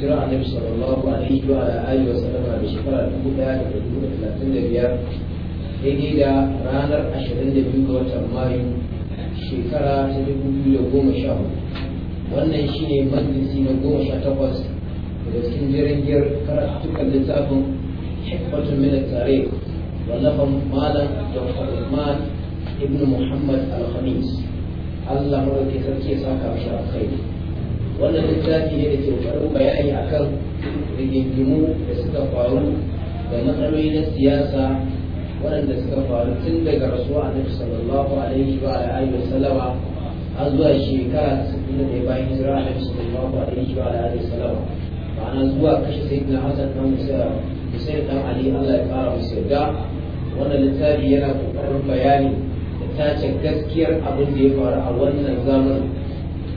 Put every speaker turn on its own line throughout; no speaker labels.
hijira annabi sallallahu alaihi wa alihi wa sallama da shekara dubu daya da dubu da talatin da biyar daidai da ranar ashirin da biyu ga watan mayu shekara ta dubu biyu da goma sha hudu wannan shi shine majalisi na goma sha takwas daga cikin jirgin karatukan littafin hikmatun min tarikh wallafan malam dr usman ibn muhammad al-khamis allah ke sarki ya saka mashi kai. wannan littafi ne da ke ƙoƙarin bayani akan rigingimu da suka faru da matsaloli na siyasa waɗanda suka faru tun daga rasuwa annabi sallallahu alaihi wa alaihi wa salama har zuwa shekara ta sittin da ɗaya bayan hijira annabi sallallahu alaihi wa alaihi wa sallama ma'ana zuwa kashe sai na hasan dan musayyid dan ali Allah ya fara musu yarda wannan littafi yana ƙoƙarin bayani da tace gaskiyar abin da ya faru a wannan zamanin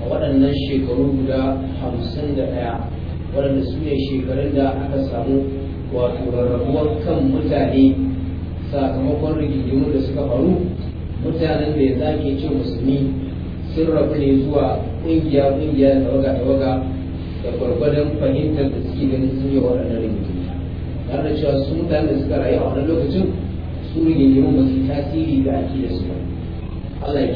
a waɗannan shekaru guda hamsin da ɗaya waɗanda su ne shekarun da aka samu wato rarrabuwar kan mutane sakamakon rigingimu da suka faru mutanen da ya zaƙe ce musulmi sun rabu ne zuwa ƙungiya ƙungiya da waga-da waga, da gwargwadon fahimtar da suke ganin sun yi waɗannan rigingimu tare da cewa su mutanen da suka rayu a wannan lokacin su rigingimu ba su tasiri ake da su ba Allah ya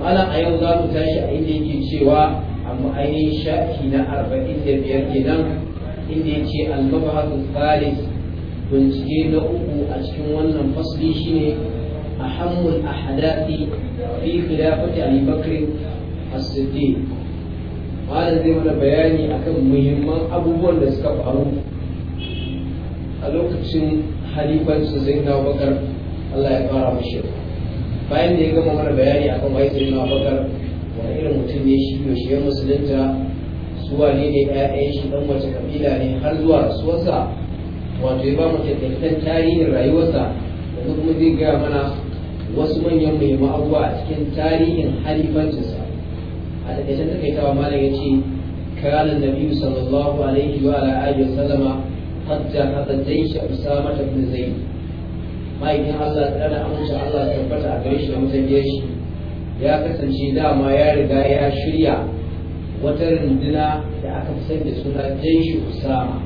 malam a yau za mu tashi a inda yake cewa amma ainihin shafi na arba'in da biyar gida inda ya ce almabahatu thalith bincike na uku a cikin wannan fasli shine ahammul ahadathi fi khilafati ali bakr as-siddiq malam zai mana bayani akan muhimman abubuwan da suka faru a lokacin halifansu sai na bakar Allah ya fara mashi bayan da ya gama mana bayani akan wai sai na bakar wani irin mutum ne shi yaushe ya musulunta su wane ne ƴaƴan shi dan wace kabila ne har zuwa rasuwarsa wato ya ba mu tarihin rayuwarsa yanzu kuma zai gaya mana wasu manyan muhimman abubuwa a cikin tarihin halifancinsa a takaicen takaitawa malam ya ce كان النبي صلى الله عليه وعلى آله وسلم قد جهز الجيش أسامة بن زيد ma'aikin Allah ta na amince Allah tabbata a gare shi da mutane shi ya kasance dama ya riga ya shirya wata runduna da aka fi sani da suna jaishi usama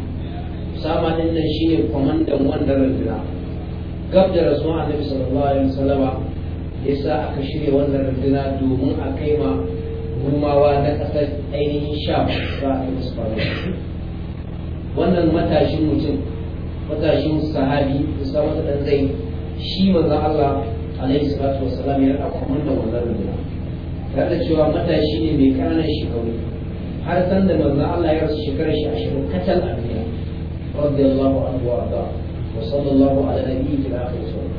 usama din nan shine kwamandan wannan runduna gab da rasuwa annabi sallallahu alaihi wasallama yasa aka shirya wannan runduna domin a kai ma rumawa na kasar ainihin sha ba a wannan matashin mutum matashin sahabi Usama dan Zaid shi manzo Allah alaihi salatu wassalam ya aka manda wannan rubuna tare cewa matashi ne mai ƙananan shekaru har san da manzo Allah ya rasu shekarar shi ashirin kacal a duniya radiyallahu anhu wa arda wa sallallahu ala nabiyyi wa alihi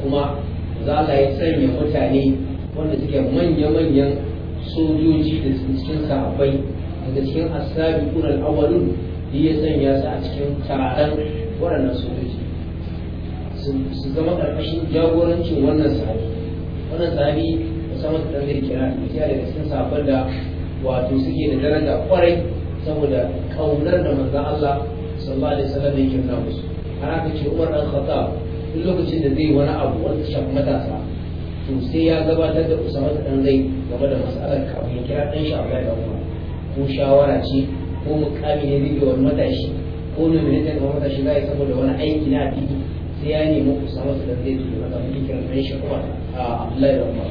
kuma za Allah ya sanya mutane wanda suke manya-manyan sojoji da cikin sahabbai daga cikin asabi kunan awalun ya sanya su a cikin karatun waɗannan sojoji su zama ƙarƙashin jagorancin wannan sahabi wannan sahabi musamman da zai kira ya daga cikin sabon da wato suke da daraja kwarai saboda ƙaunar da maza Allah sallallahu alaihi wasallam ya nuna musu har aka ce Umar dan Khattab duk lokacin da zai wani abu wanda shafi matasa to sai ya gabatar da Usama dan Zaid game da mas'alar kafin ya kira dan shi Abdullahi dan Umar ko shawara ce ko mukami ne zai wani matashi ko nomination ga matashi za a yi saboda wani aiki na biyu sai ya nemi ku samu su da zai tudu wanda muke kiran ɗan shi kuma a Abdullahi da Umar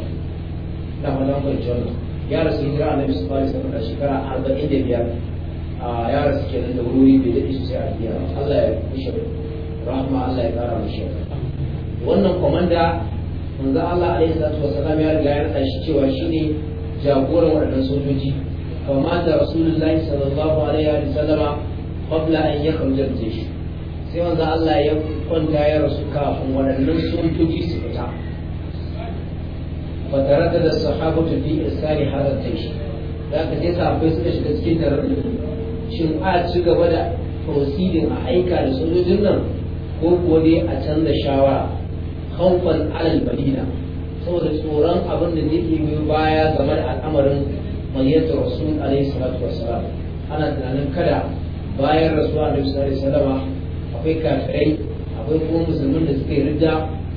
na ma zan fahimci wannan ya rasu hijira annabi su fara sama da shekara arba'in da biyar ya rasu kenan da wuri bai daɗe sosai a duniya Allah ya kushe rahma Allah ya kara mishi wannan komanda manzo Allah alaihi salatu wasallam ya riga ya rasa shi cewa shine jagoran waɗannan sojoji فمات رسول الله صلى الله عليه وسلم قبل أن يخرج الجيش sai manzo Allah ya kwanta ya rasu kafin waɗannan sojoji su fita fa tarata da sahabatu fi isari hadar jaish da ka je sahabbai suka shiga cikin tarar shin a ci gaba da proceeding a aika da sojojin nan ko kuwa dai a canza shawara khawfan alal madina saboda tsoron abin da zai yi baya game da al'amarin mayyata rasul alaihi salatu salam ana tunanin kada bayan rasuwa alaihi salatu wassalama akwai kafirai akwai kuma musulmin da suka yi rida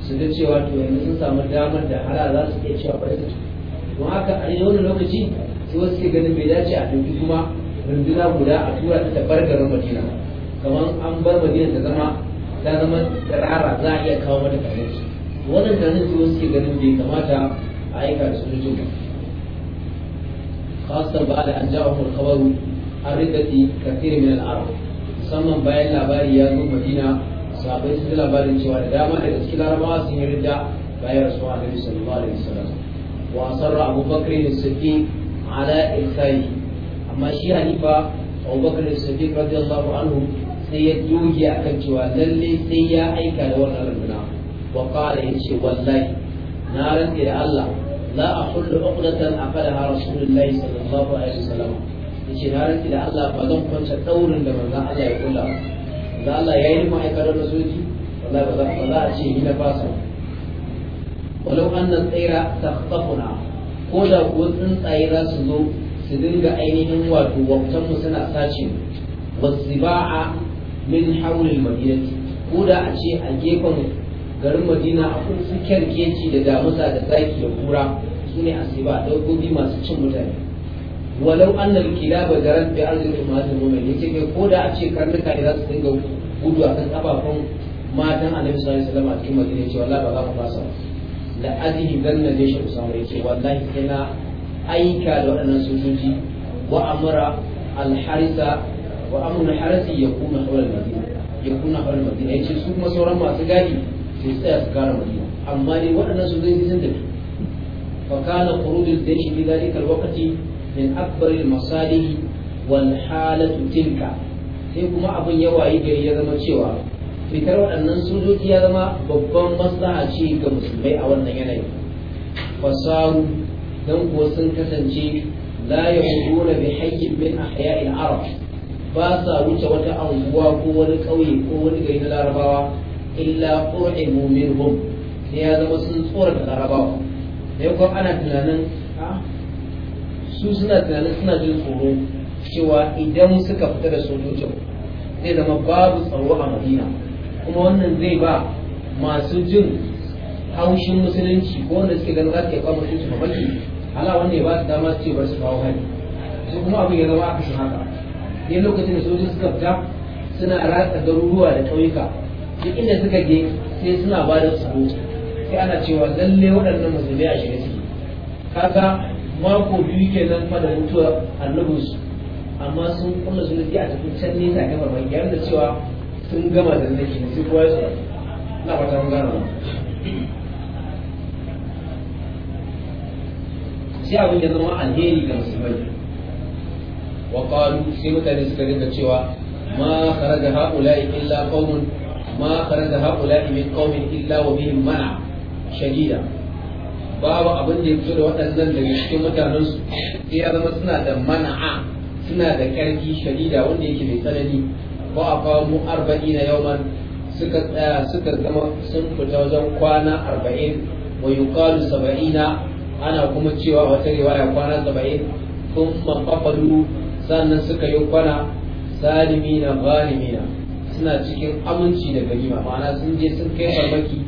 su ga cewa to yanzu sun samu damar da hala za su iya cewa bari su don haka a yi wani lokaci sai wasu ke ganin bai dace a dubi kuma rundunar guda a tura ta bar garin madina kamar an bar madina ta zama ta zama tsirara za a iya kawo mata kare su wannan tunanin sai wasu ke ganin bai kamata a aika da sojojin ba خاصة بعد أن جاءهم الخبر عن ردة كثير من العرب musamman bayan labari ya zo madina sabai su labarin cewa da dama da gaske larabawa sun yi ridda bayan rasuwa alaihi sallallahu alaihi wasallam wa asarra abu bakr bin siddiq ala ilkai amma shi hanifa abu bakr bin siddiq radiyallahu anhu sai ya doge akan cewa lallai sai ya aika da wannan runduna wa wallahi na rantsi da Allah Za la ahullu uqdatan aqadaha rasulullahi sallallahu alaihi wasallam yace na rantsi da Allah ba zan kwance daurin da manzon Allah ya kula da Allah ya yi ma'aikatar da soji wallahi ba za ba za a ce ni na fasa walau anna tsaira takhafuna ko da ko tsuntsaye za su zo su dinga ainihin wato wautan mu suna sace wasiba'a min hawlil madinati ko da a ce a gefen mu. garin madina kusa kyan keji da damusa da zaki da kura su ne a dabbobi masu cin mutane walau annal kilaba garat bi arzin tumatin mumin ce kai ko da a ce karnuka ne za su dinga gudu akan kafafun matan annabi sallallahu alaihi wasallam a cikin madina yace wallahi ba za ku fasa la dan na je shi ya ce, wallahi sai na aika da waɗannan sojoji wa amara alharisa wa amuna harasi Ya kuma hawar madina ya hawla hawar madina ce su kuma sauran masu gadi sai tsaya su kara madina amma dai waɗannan su zai sun tafi فكان خروج الجيش في ذلك الوقت من أكبر المصالح والحالة تلك sai kuma abin ya wayi gari ya zama cewa fitar waɗannan sojoji ya zama babban maslaha ce ga musulmai a wannan yanayi fasaru don kuwa sun kasance la yahuduna bi hayyin min ahya'il arab ba sa wuce wata anguwa ko wani ƙauye ko wani gari na larabawa illa qu'imu minhum sai ya zama sun tsora da larabawa da yau ana tunanin ah, su suna tunanin suna jin tsoro cewa idan suka fita da sojojin zai zama babu tsaro a madina kuma wannan zai ba masu jin haushin musulunci ko wanda suke ganin za su iya musulunci mamaki ala wanda ya ba su dama su ce ba su kawo hari su kuma abin ya zama aka haka ne lokacin da sojoji suka fita suna ratsa garuruwa da ƙauyuka duk inda suka je sai suna ba da tsaro sai ana cewa lalle waɗannan musulmi a shirye suke kaga mako biyu nan ma da mutuwar su, amma sun kulla su a tafi can nesa kai marmaki yayin da cewa sun gama da nake sai kowa ya tsoro na fata mun gano sai abin da zama alheri ga musulmai wa qalu sai mutane suka dinga cewa ma kharaja haula'i illa qaumun ma karan da haƙula min qaumin illa wa bihim mana shadida babu abin da ya fito da waɗannan daga cikin mutanen sai ya suna da mana'a suna da ƙarfi shadida wanda yake mai tsanani ko a famu arba'ina yawman suka tsaya suka zama sun fita wajen kwana arba'in wa saba'ina ana kuma cewa wata riwaya kwana saba'in sun mafafalu sannan suka yi kwana salimina ghalimina suna cikin aminci da ganima ma'ana sun je sun kai farmaki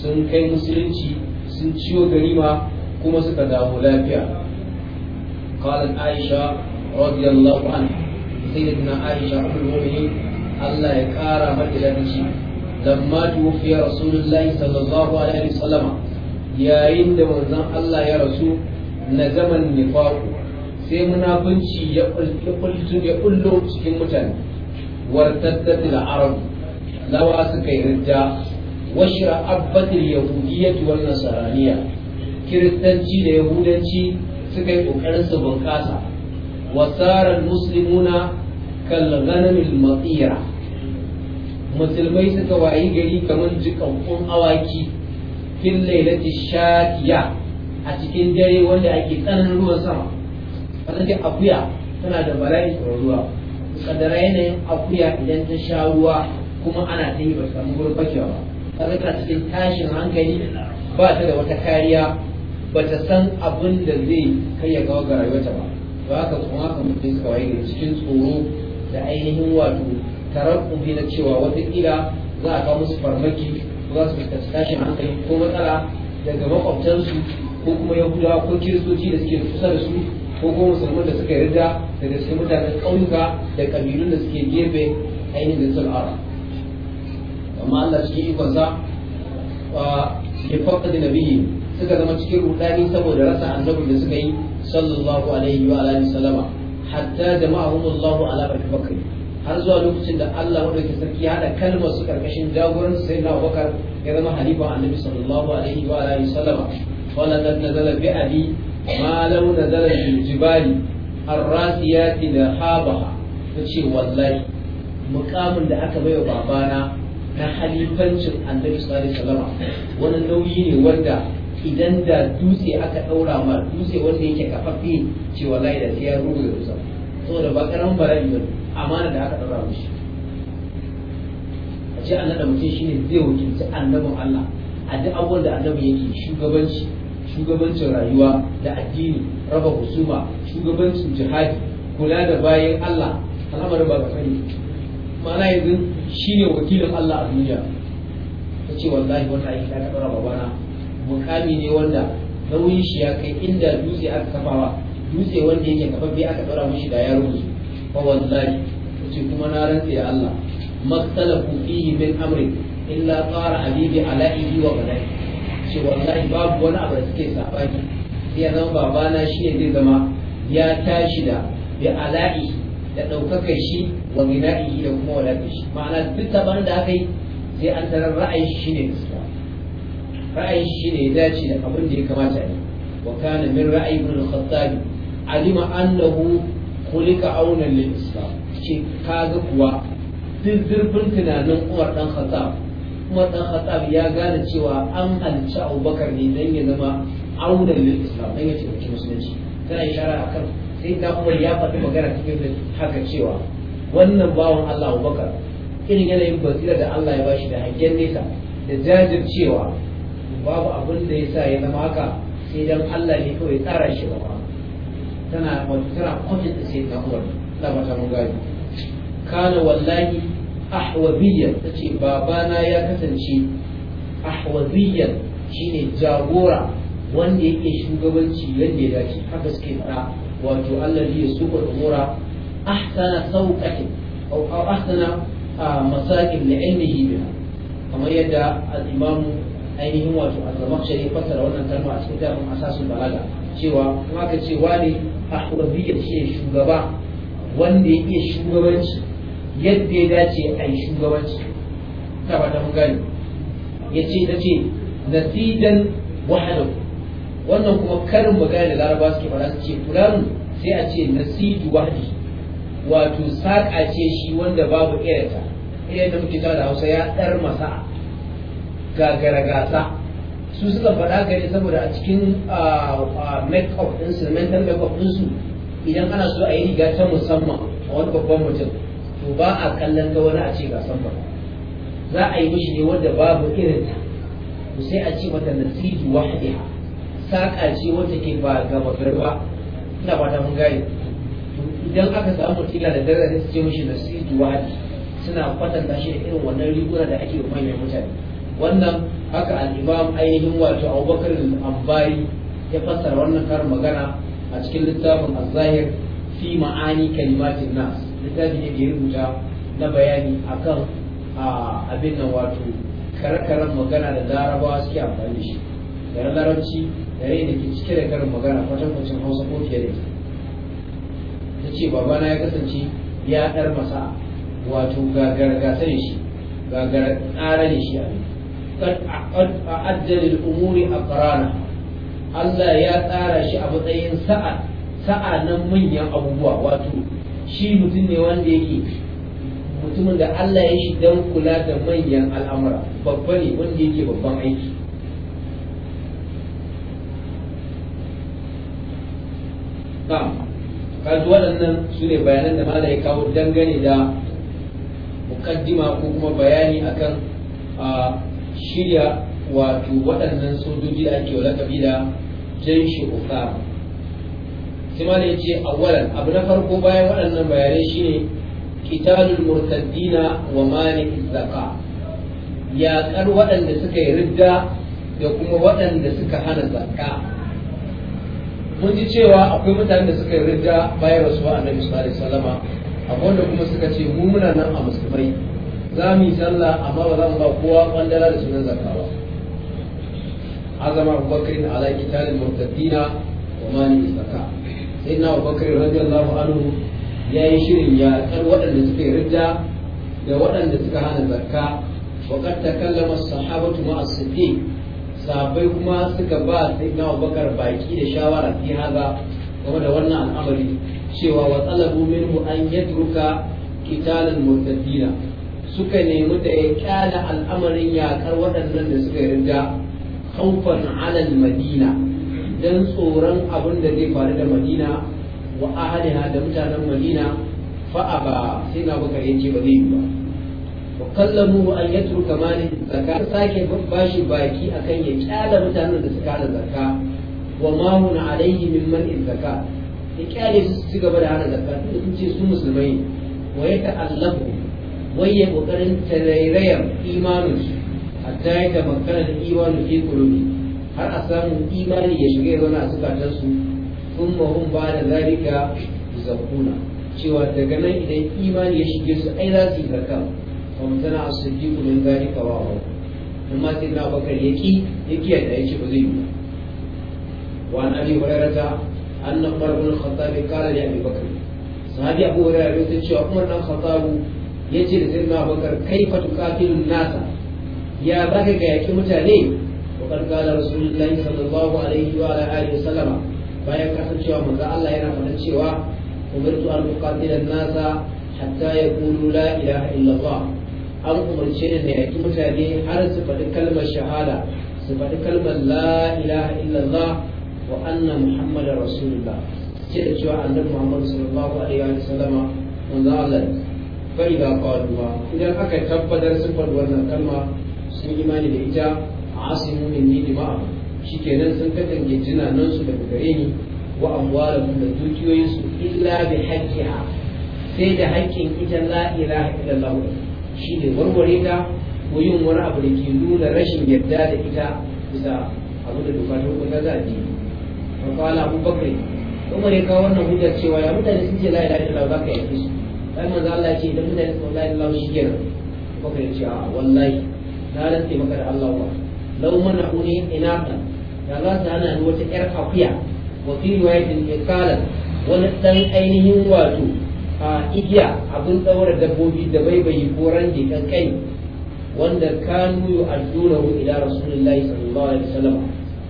sun kai musulunci sun ciwo garima kuma suka damu lafiya kalan aisha radiyallahu an sai da tuna aisha abin mu'min allah ya kara mata da nishi lamma tuwafiya rasulullahi sallallahu alaihi salama yayin da manzon allah ya rasu na zaman nifaku sai munafunci ya ƙullo cikin mutane wartaddat al-arab lawa suka yi ridda washra abbat al kiristanci da yahudanci suka yi kokarin su bunkasa wasara al-muslimuna kal ghanam musulmai suka wayi gari kamar jikakkun awaki fil lailati shatiya a cikin dare wanda ake tsanan ruwan sama wannan akuya tana da bala'in ruwa kadara yanayin akuya idan ta sha ruwa kuma ana ta yi ba samu gurbacewa ba ta tana cikin tashin hankali ba ta da wata kariya ba ta san abin da zai kai ya gawa ga rayuwarta ba to haka kuma haka mutum suka waye cikin tsoro da ainihin wato tarakkubi na cewa watakila za a kawo musu farmaki ko za su fuskanci tashin hankali ko matsala daga makwabtansu ko kuma yahudawa ko kiristoci da suke kusa da su ko kuma musulman da suka yarda daga cikin mutanen ƙauyuka da ƙabilun da suke gefe ainihin da arab amma Allah cikin ikonsa wa ya fakka da nabiyi suka zama cikin rudani saboda rasa annabi da suka yi sallallahu alaihi wa alihi sallama hatta jama'ahum Allahu ala barki bakri har zuwa lokacin da Allah madaukakin sarki ya hada kalmar su karkashin jagoran sai na Abubakar ya zama halifa annabi sallallahu alaihi wa alihi sallama wala nazala bi abi ma lau nazara fil jibali da habaha tace wallahi mukamin da aka baiwa babana na halifancin annabi sallallahu alaihi wasallam wani nauyi ne wanda idan da dutse aka daura ma dutse wanda yake kafaffe ce wallahi da sai ya rubu da dutse saboda ba karamin bala'i ba amana da aka ɗaura mishi a ce annabi mutum shine zai wakilci annabin Allah a duk abubuwan da annabi yake shugabanci shugabancin rayuwa da addini raba husuma shugabancin jihadi kula da bayan Allah al'amarin ba ka sani ma'ana yanzu shine wakilin Allah a duniya ta ce wallahi wata aiki ta taɓa raba bana mukami ne wanda nauyin shi ya kai inda dutse aka kafawa dutse wanda yake kafaffe aka ɗora mishi da yaro ne fa wallahi ta ce kuma na rantse da Allah maktalafu fihi min amri illa qara abibi ala'ihi wa bala'i ce wallahi babu wani abu da suke sabani sai ya zama babana shi ne zai zama ya tashi da bi ala'i da ɗaukakar shi wa gina'i da kuma wadatar shi ma'ana duk sabanin da aka yi sai an tarar ra'ayin shi ne gaskiya ra'ayin shi ne ya dace da abin da ya kamata ne wa kana min ra'ayi ibn al-khattabi alima annahu khuliqa aunan lil islam ce kaga kuwa duk zurfin tunanin Umar dan Khattab Umar dan Khattab ya gane cewa an halicci Abubakar ne dan ya zama aunan lil Islam dan ya taimaki musulunci tana ishara akan sai da Umar ya faɗi magana cikin haka cewa wannan bawan Allah Abubakar irin yanayin basira da Allah ya bashi da hangen nesa da jajircewa babu abin da ya sa ya zama haka sai dan Allah ne kawai tsara shi ba tana wato tana kwafin sai ta Umar da ta mun gani kana wallahi ahwaziyyan ta ce babana ya kasance ahwaziyyan shine jagora wanda yake shugabanci yadda ya dace haka suke fara wato allazi yasuqul umura ahsana sauqatin aw aw ahsana masakin li ilmihi biha kamar yadda al-imam ainihin wato al-zamakhshari ya fassara wannan kalma a cikin tafin asasul balaga cewa kuma ka ce wani ahwaziyyan shine shugaba wanda yake shugabanci yadda ya dace a yi shugabanci ta ba ta gani ya ce ta ce na nasidan wahalau wannan kuma karin magana da laraba suke fara su ce fulani sai a ce na nasidu wahali. wato saƙa ce shi wanda babu irinta irin da muke da hausa ya ɗar masa gagara gasa su suka faɗa gari saboda a cikin make-up instrumental make-up ɗinsu idan ana so a yi riga ta musamman a wani babban mutum to ba a kallon ta wani a ce ga san ba za a yi mishi ne wanda babu irin ta to sai a ce mata nasihi wahdiha saka ce wanda ke ba ga magarba ina ba ta mun gane idan aka samu tila da dare su ce mishi nasihi wahdi suna kwatanta shi da irin wannan riguna da ake wa manyan mutane wannan haka al-imam ainihin wato Abubakar al-Ambari ya fassara wannan karin magana a cikin littafin az-zahir fi ma'ani kalimatin nas littafi ne da ya rubuta na bayani akan abin nan wato kare-karen magana da larabawa suke amfani da shi da larabci da rai da ke cike da karin magana kwatankwacin hausa ko fiye da ta ce babana ya kasance ya ɗar masa wato gagargasa da shi gagar ƙara ne shi a ajjalil umuri a ƙarana Allah ya tsara shi a matsayin sa'a sa'a na manyan abubuwa wato shi mutum ne wanda yake mutumin da Allah ya shi don kula da manyan al'amura babba ne wanda yake babban aiki kaji waɗannan su ne bayanan da mala ya kawo dangane da mukaddima ko kuma bayani akan a shirya wato waɗannan sojoji da ake wa lakabi da jan shi sai ya ce awalan abu na farko bayan waɗannan bayanai shine qitalul murtaddina wa malik zaka yaƙar waɗanda suka yi ridda da kuma waɗanda suka hana mun ji cewa akwai mutanen da suka yi ridda bayan rasuwa annabi sallallahu alaihi wasallama akwai wanda kuma suka ce mu muna nan a musulmai za mu yi sallah amma ba za mu ba kowa kwandala da sunan zakka ba azama abubakar ala qitalul murtaddina wa malik zaka sai na bakar radiyallahu anhu ya yi shirin yaƙar waɗanda suka yi ridda da waɗanda suka hana zakka وقد تكلم الصحابة مع الصديق sahabbai kuma suka ba sayyidina bakar baki da shawara fi haza game da wannan al'amari cewa wa talabu minhu an yatruka qitalan murtadina suka nemi da ya kyala al'amarin yakar waɗannan da suka yarda khawfan ala madina dan tsoron abin da zai faru da madina wa ahliha da mutanen madina fa aba sai na baka yace ba zai yi ba wa kallamu an yatru mali zakka sake bashi baki akan ya kyala mutanen da suka hana zakka wa ma hun alaihi min man zakka ya kyale su ci gaba da hana zakka sun ce su musulmai wa ya ta'allafu wai ya kokarin tarairayar imaninsu hatta ya tabakkara da imanin fi kulubi har a samu imani ya shiga ya zauna a zukatansu sun mahun ba da zalika zakuna cewa daga nan idan imani ya shige su ai za su yi zakka wa mutana a jiku min zalika wa wa amma sai na bakar ya ki ya ki yadda ya ce ba zai yi ba wa an abi hurairata anna umar bin khattab qala da abu bakr sahabi abu hurairah ya kuma umar bin ya ce da na bakar kai kaifa kafin nasa ya baka ga yaki mutane وقد قال رسول الله صلى الله عليه وعلى آله وسلم bayan kasancewa manzo Allah yana faɗa cewa umirtu an uqatila an-nasa hatta yaqulu la ilaha illallah an umarce ni ne yaki mutane har su faɗi kalmar shahada su faɗi kalmar la ilaha illallah wa anna muhammadar rasulullah ce da cewa annabi muhammad sallallahu alaihi wa sallama manzo Allah fa idza qalu idan aka tabbatar sifar wannan kalma sun imani da ita asimu min ni ba shikenan sun katange jinanan su daga gare ni wa amwalahum da dukiyoyin su illa bi haqqiha sai da haƙƙin ita la ilaha illallah shi ne warware ta ko wani abu da ke nuna rashin yarda da ita bisa abu da ta a ji fa qala abubakar umar ya kawo wannan hujjar cewa ya mutane sun ce la ilaha illallah za ka yi su sai manzo Allah ce idan mutane sun la ilaha illallah shi kenan abubakar ya ce a wallahi na rantse maka da Allah wa lau mana huni inaka da za su hana ni wata yar akuya wa fi riwayatin ikala wani dan ainihin wato a igiya abin tsawar dabbobi da bai baibayi ko ranje kankani wanda kanu yu'addunahu ila rasulillahi sallallahu alaihi wasallam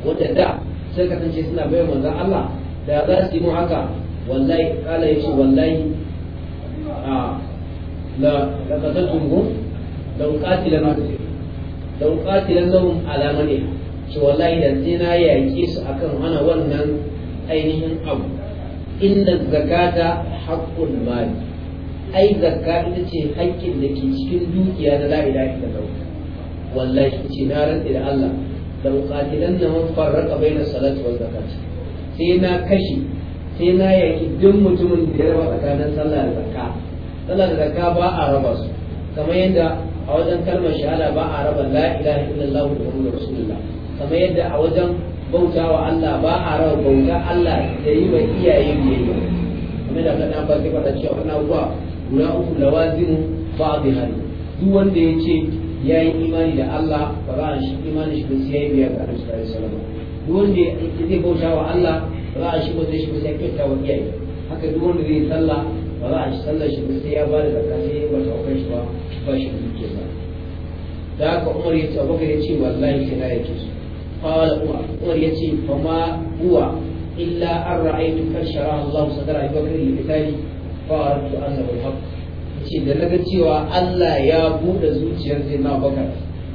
wanda da sai kasance suna bai manzon Allah da za su yi mu haka wallahi kala yace wallahi a la laqatatum law qatilanahum lau qatilan lahum alama ne, ce wallahi da sai na yaƙe su akan hana wannan ainihin abu inna zakata haƙƙun mali ai zakka ita ce haƙƙin da ke cikin dukiya na la ilaha illallah wallahi ce na rantsi da Allah da muqatilan na man bai na salatu wa zakat sai na kashe sai na yaƙi duk mutumin da ya raba tsakanin sallah da zakka sallah da zakka ba a raba su kamar yadda a wajen kalmar shahada ba a raba la ilaha illallah muhammadur rasulullah kamar yadda a wajen bauta wa Allah ba a raba bauta Allah da yi wa iyaye biyayya kamar da kana ba sai fara cewa kana uwa guda uku lawazimu ba'dha duk wanda ya ce ya yi imani da Allah ba za a shi imani shi ba sai ya yi biyayya ga Annabi sallallahu alaihi wasallam duk wanda zai bauta wa Allah ba za a shi ba zai shi ba sai ya kyauta wa iyaye haka duk wanda zai sallah ba za a ci sallar shi sai ya ba da zakka sai ba ta kai shi ba ba shi duke ba da haka umar ya ce abubakar ya ce wallahi sai na yake su qala umar umar ya ce fa ma huwa illa an ra'aytu kar shara Allah sadara abubakar li qitali fa aradtu an da haqq ce da naga cewa Allah ya bude zuciyar zai na abubakar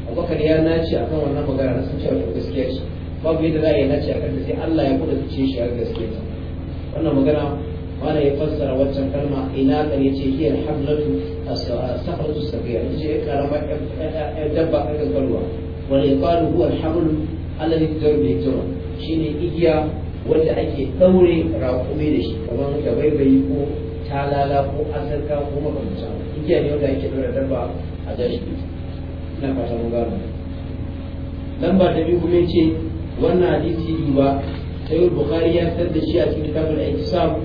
abubakar ya nace akan wannan magana sun cewa to gaskiya ce babu yadda za a yi nace akan sai Allah ya bude zuciyar shi har gaskiya wannan magana wanda ya fassara waccan kalma ina kan yace hiya hablatu sahratu sabiya yace karama dabba kan kalwa wanda ya faru huwa alhablu alladhi tarbi shi ne igiya wanda ake daure raƙumi da shi kamar da baibayi ko talala ko asarka ko makamta igiya ne wanda ake ɗaure dabba a jashi ina fata mun gano lamba ta biyu kuma ce wannan hadisi duba sayyid bukhari ya fitar da shi a cikin kitabul ihsab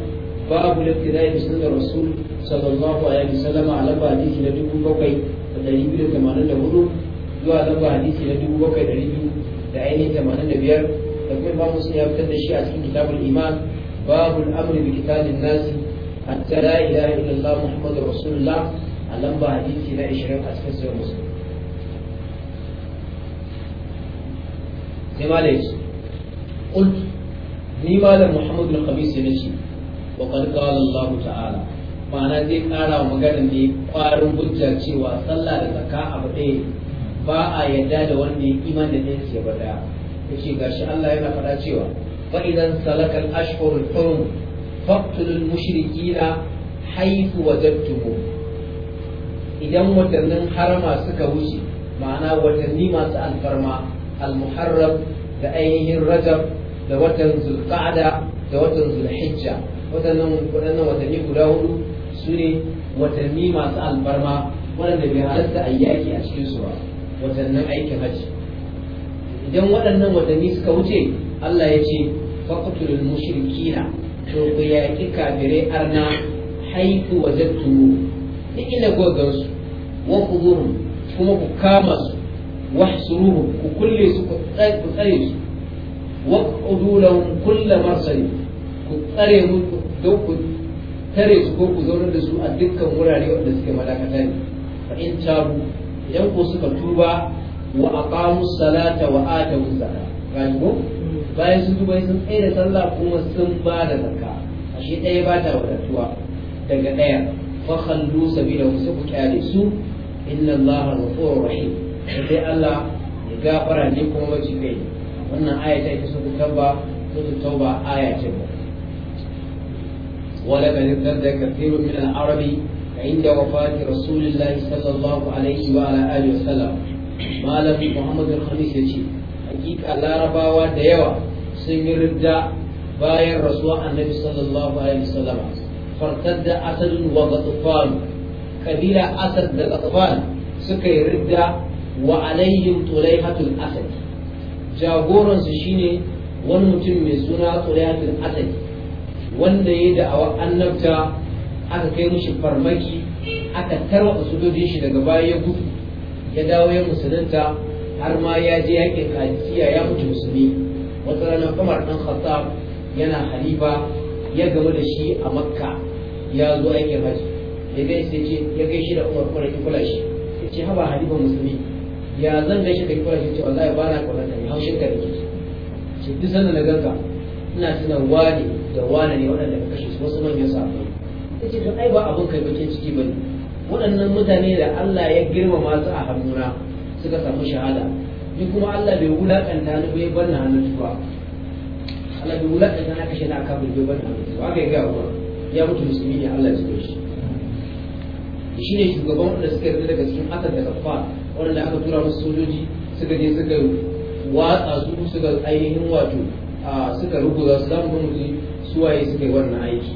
babu laftirai da sunan rasul a alaihi salama a lamba hadisi na dubu bakwai da dari biyu da tamanin da hudu zuwa lamba hadisi na dubu bakwai da biyu da ainihin tamanin da biyar da kuma imam muslim ya fitar da shi a cikin kitabul iman babu al'amri bi kitabin nasi hatta la ilaha illallah muhammad rasulullah a lamba hadisi na ishirin a cikin sahih musulmi. sai malai qult ni malam muhammad al-khamis na shi wa qad Allah ta'ala ma'ana zai ƙara wa maganar ne kwarin hujja cewa sallah da zakka abu ɗaya ba a yadda da wanda ya iman da ɗayan ya bada yace gashi Allah yana faɗa cewa fa idan salakal ashhurul hurum faqtulul mushrikina haythu wajadtumuhum idan watannin harama suka wuce ma'ana watanni masu alfarma al da ainihin rajab da watan zulqa'da da watan hijja. waɗannan watanni guda hudu su ne watanni masu alfarma waɗanda bai halatta a yaki a cikinsu ba watannin aikin hajji idan waɗannan watanni suka wuce Allah ya ce faqtul mushrikina to ku yaki kafirai arna haifu wajadtu duk inda ku ga su wa kuma ku kama su wahsuruhum ku kulle su ku tsare su waqudu lahum kull marsali ku tsare mu don ku tare su ko ku zaunar da su a dukkan wurare wanda suke malakata ne fa in tabu idan ko suka tuba wa aqamu salata wa atu zakat gani ko bayan sun tuba sun tsaya sallah kuma sun ba da zakka ashe ɗaya ba ta wadatuwa daga ɗaya fa khallu sabilahu sai ku kyale su inna allaha ghafurur rahim sai Allah ya gafara ne kuma mace wannan aya ta ita sun tabba sun tauba aya ce ba ولقد ارتد كثير من العرب عند وفاة رسول الله صلى الله عليه وعلى آله وسلم malam muhammad al-khamis ya ce hakika larabawa da yawa sun yi ridda bayan rasuwa annabi sallallahu alaihi wasallam fartar da asadun wa gatufan kabila asad da gatufan suka yi ridda wa alaihim tulaihatul asad jagoransu shine wani mutum mai suna tulaihatul asad wanda ya da'awar annabta aka kai mushi farmaki aka tarwa sojojin shi daga baya ya gudu ya dawo ya musulunta har ma ya je yaƙin kajiya ya mutu musulmi wata rana Umar dan Khattab yana halifa ya gamu da shi a Makka ya zo aiki haji ya gai sai ce ya gai shi da Umar kuma ya kula shi ya ce haba halifa musulmi ya zan gaishe kai kula shi ce wallahi ba na kwanar da ni haushin ka da ke ce duk sanin da ganka ina tunan wani da wani ne waɗanda ka kashe su wasu manyan sahabbai ta ce to ai ba abin kai bakin ciki ba ne waɗannan mutane da Allah ya girmama su a hannuna suka samu shahada ni kuma Allah bai wulakanta ni bai bar na hannun ba Allah bai wulakanta na kashe na kafin bai bar na hannun ba ga ga ba ya mutu musulmi ne Allah ya zuba shi shi ne shugaban wanda suka yarda daga cikin asar da kafa wanda aka tura musu sojoji suka je suka watsa su suka ainihin wato suka za su za mu suwaye suke wannan aiki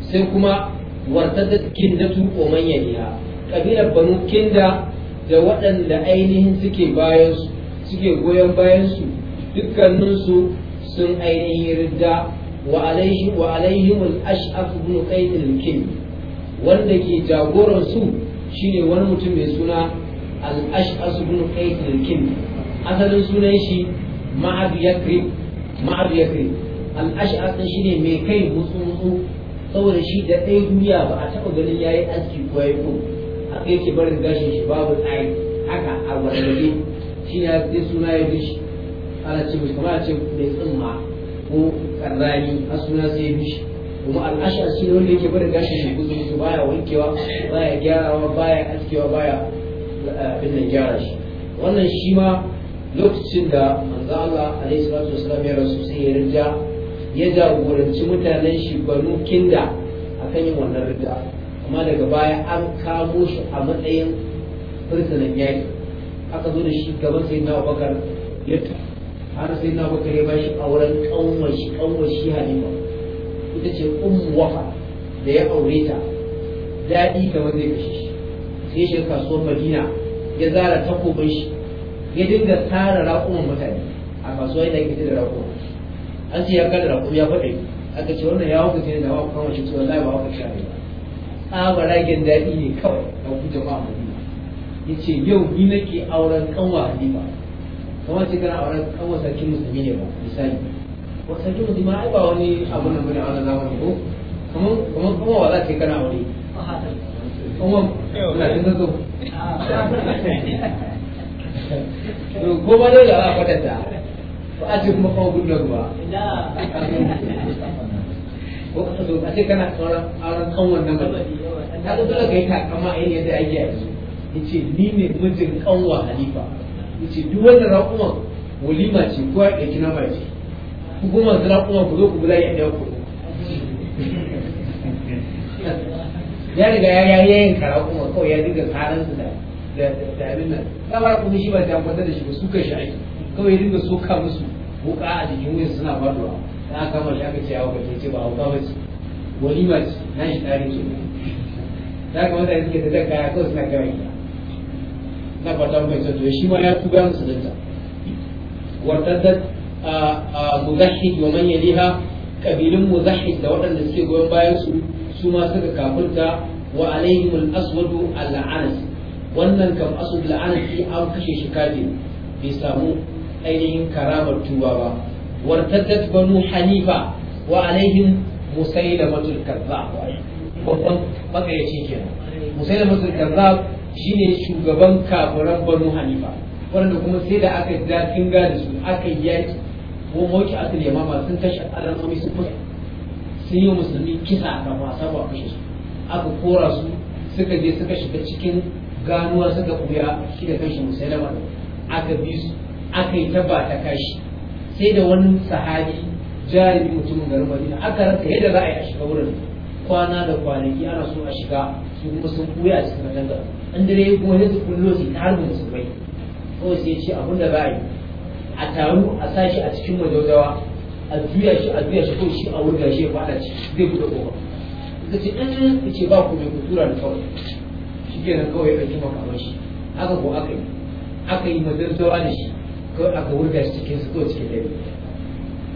sai kuma wartar da kindatu ko yaniya kabilar banu kinda da waɗanda ainihin suke bayan su suke goyon bayan su dukkaninsu sun ainihin ridda wa alaihi wa alaihi al-ash'af ibn qaid al wanda ke jagoran su shine wani mutum mai suna al-ash'af ibn qaid al asalin sunan shi ma'ab yakrib ma'adu ya kai al'ash'ar ɗin shi ne mai kai mutsutsu saboda shi da ɗaya duniya ba a taɓa ganin ya yi aski ko ya yi ko a haka ke barin gashin shi babu tsari haka a warware shi ya sai suna ya bishi ana ce mishi kamar a ce mai tsimma ko karrani a suna sai ya bishi kuma al'ashar shi ne wanda yake barin gashin shi kusa baya wankewa baya gyarawa baya askewa baya eh, abin nan gyara shi wannan shi ma lokacin da manzo Allah alaihi salatu wasallam ya rasu sai ya rija ya jagoranci mutanen shi banu kinda akan yin wannan rija amma daga baya an kamo shi a matsayin fursunan yaki aka zo da shi gaban sai na bakar ya har sai na bakar ya bashi auren kanwar shi kanwar shi halima ita ce ummu wafa da ya aure ta daɗi kamar zai ya shi sai shi kasuwar madina ya zara takobin shi ya dinga tara raƙuman mutane a kasuwa yana yin da rako an ce ya kada rako ya faɗi aka ce wannan ya hukun ne da wakon wacce tuwa na ba wakon sha ne a ragin daɗi ne kawai da ku jama'a madina ya ce yau ni nake auren kanwa a halima kamar ce kana auren kanwa sarkin musulmi ne ba misali ko sarkin musulmi ai ba wani abu nan bane auren zamani ko kamar kuma wa za ka yi kana aure kuma na tun ko ba dole a kwatanta to mau kuma kawo gudun ruwa ka so a ce kana tsoron auren kan wannan ba ta ga dole kai takama a ni ne mijin wah halifa yace duk wannan raƙuman walima ce ko ya ɗauki nama ce ku kuma su raƙuman ku zo ku bula ya ya riga ya ya yayin kara kuma kawai ya dinga karan su da da abin nan ta ba kuma shi ba ta da shi ba su kawai dinga soka musu wuka a jikin wuyan suna faduwa da aka kama shi aka ce a wakar ce ba wuka ba ce walima ce na shi tare ke da aka mutane suke tattar kaya kawai suna gama gida na fata mai zato shi ma ya tuba musu danta wartaddat muzahid wa man liha kabilun muzahid da waɗanda suke goyon bayan su su ma suka kafinta wa alaihimul aswadu al wannan kam asu al an kashe shi kafin bai samu ainihin karamar tuba ba wartaddat banu hanifa wa alaihim musailamatul kazzab babban makayyaci kenan musailamatul kazzab shine shugaban kafiran banu hanifa wanda kuma sai da aka dafin gane su aka yaki ko mauki asali ya yamama sun kashe alamomi sun fuka sun yi musulmi kisa a wasa ba kashe su aka kora su suka je suka shiga cikin ganuwa suka kuya shi da kashe musulama aka bi su aka yi ta ba ta kashi sai da wani sahabi jari mutumin garin madina aka rasa yadda za a yi a shiga wurin kwana da kwanaki ana so a shiga su kuma sun buya a cikin katanga an dare ya kuma yanzu kullo su ta harbin su bai kawai sai ce abin da za a yi a taru a sashi a cikin majaujawa a juya shi a juya shi ko shi a wurga shi ya fada ci zai buɗe kofa ita ce in eh, ka ce ba ku mai kutura da kawai shi kenan kawai ya ɗauki makamashi. haka ko aka yi aka yi majaujawa da shi kawai aka wurga shi cikin su ko cikin dare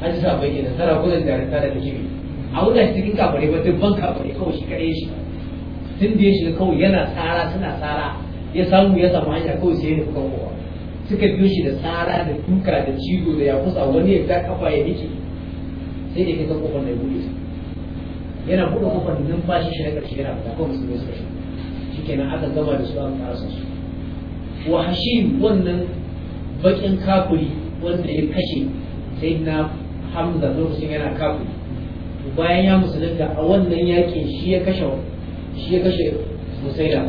an ji sabai kenan tara gudun da rinta da ligimi a wurga shi cikin kafare ba duk ban kafare kawai shi kaɗai shi tun da ya shiga kawai yana tsara suna tsara ya samu ya samu hanya kawai sai ya nufi kan kowa suka biyo shi da tsara da duka da cigo da ya kusa wani ya ta kafa ya miki sai ya kai ta kofar da ya buɗe yana buɗe kofar numfashi shi na ƙarshe yana fita kawai musulmi suka shi shikenan aka gama da su an ƙarasa su wa hashim wannan bakin kafuri wanda ya kashe sai na hamza lokacin yana kafuri to bayan ya musulunta a wannan yaƙi shi ya kashe shi ya kashe musai da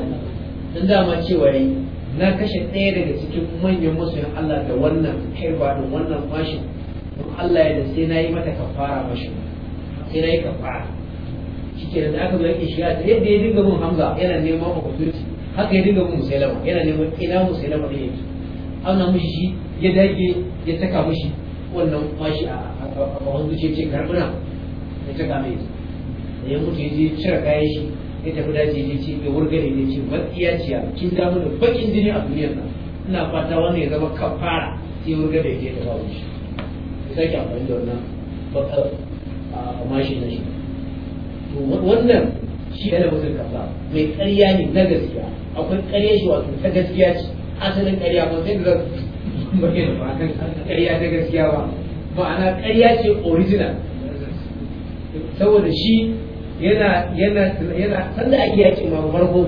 tun dama cewa yi na kashe ɗaya daga cikin manyan masoyan Allah da wannan ba da wannan fashin, don Allah ya da sai na yi mata kafara mashin sai na yi kafara ke da aka zo shi shiga ta yadda ya dinga mun hamza yana neman opportunity haka ya dinga mun musailama yana neman ina musailama ne yake auna mishi shi ya dage ya saka mishi wannan mashi a gaban zuciya ce karbuna ya saka mai da ya mutu ya je cire kayan shi ya tafi daji ya ce ya wurgare ya ce bakiya ciya kin da mana bakin jini a duniyar nan ina fata wannan ya zama kafara sai ya wurgare ya je da babu shi ya sake amfani da wannan bakar mashin na shi to wannan shi ya yana mutum kafa mai ƙarya ne na gaskiya akwai ƙarya shi wato ta gaskiya ce asalin ƙarya ba sai da zan bayyana ba kan ƙarya ta gaskiya ba ma'ana ƙarya ce original saboda shi yana yana yana sanda ake yakin ma farko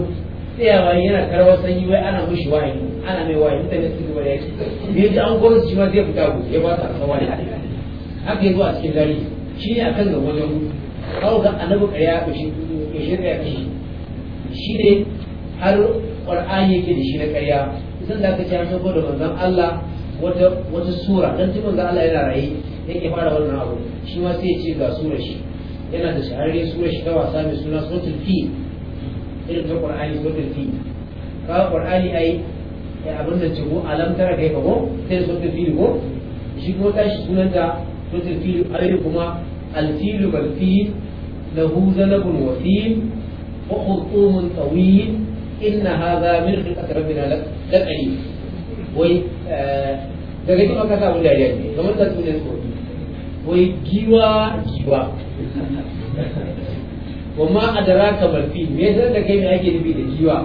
tsayawa yana karawar sanyi wai ana mushi wahayi ana mai wahayi mutane su gaba yaki Me yaji an gwamnati shi ma zai fita ku ya ba ta kasa wani haka yanzu a cikin dare shi ne akan gaban wajen kawo ga annabi ƙarya ko shi ko shi ƙarya shi ne har qur'ani yake da shi na ƙarya tun da aka ce an da manzon Allah wata wata sura dan tun manzon Allah yana raye yake fara wannan abu shi ma sai ya ce ga sura shi yana da shahararren sura shi ta wasa mai suna suratul fi irin ta Qur'ani suratul fi ka Qur'ani ai abin da cigo alam tara kai ka ko sai suratul fi ko shi kuma tashi sunan ta suratul fi ai kuma al-filu bal fi lahu zalabun wasil وخرطوم طويل إن هذا من خلقة ربنا لك dan ɗari wai daga yi ka samu dariya ne kamar da su ne su wai giwa giwa wa ma adraka bal fi me yasa da kai me ake nufi da giwa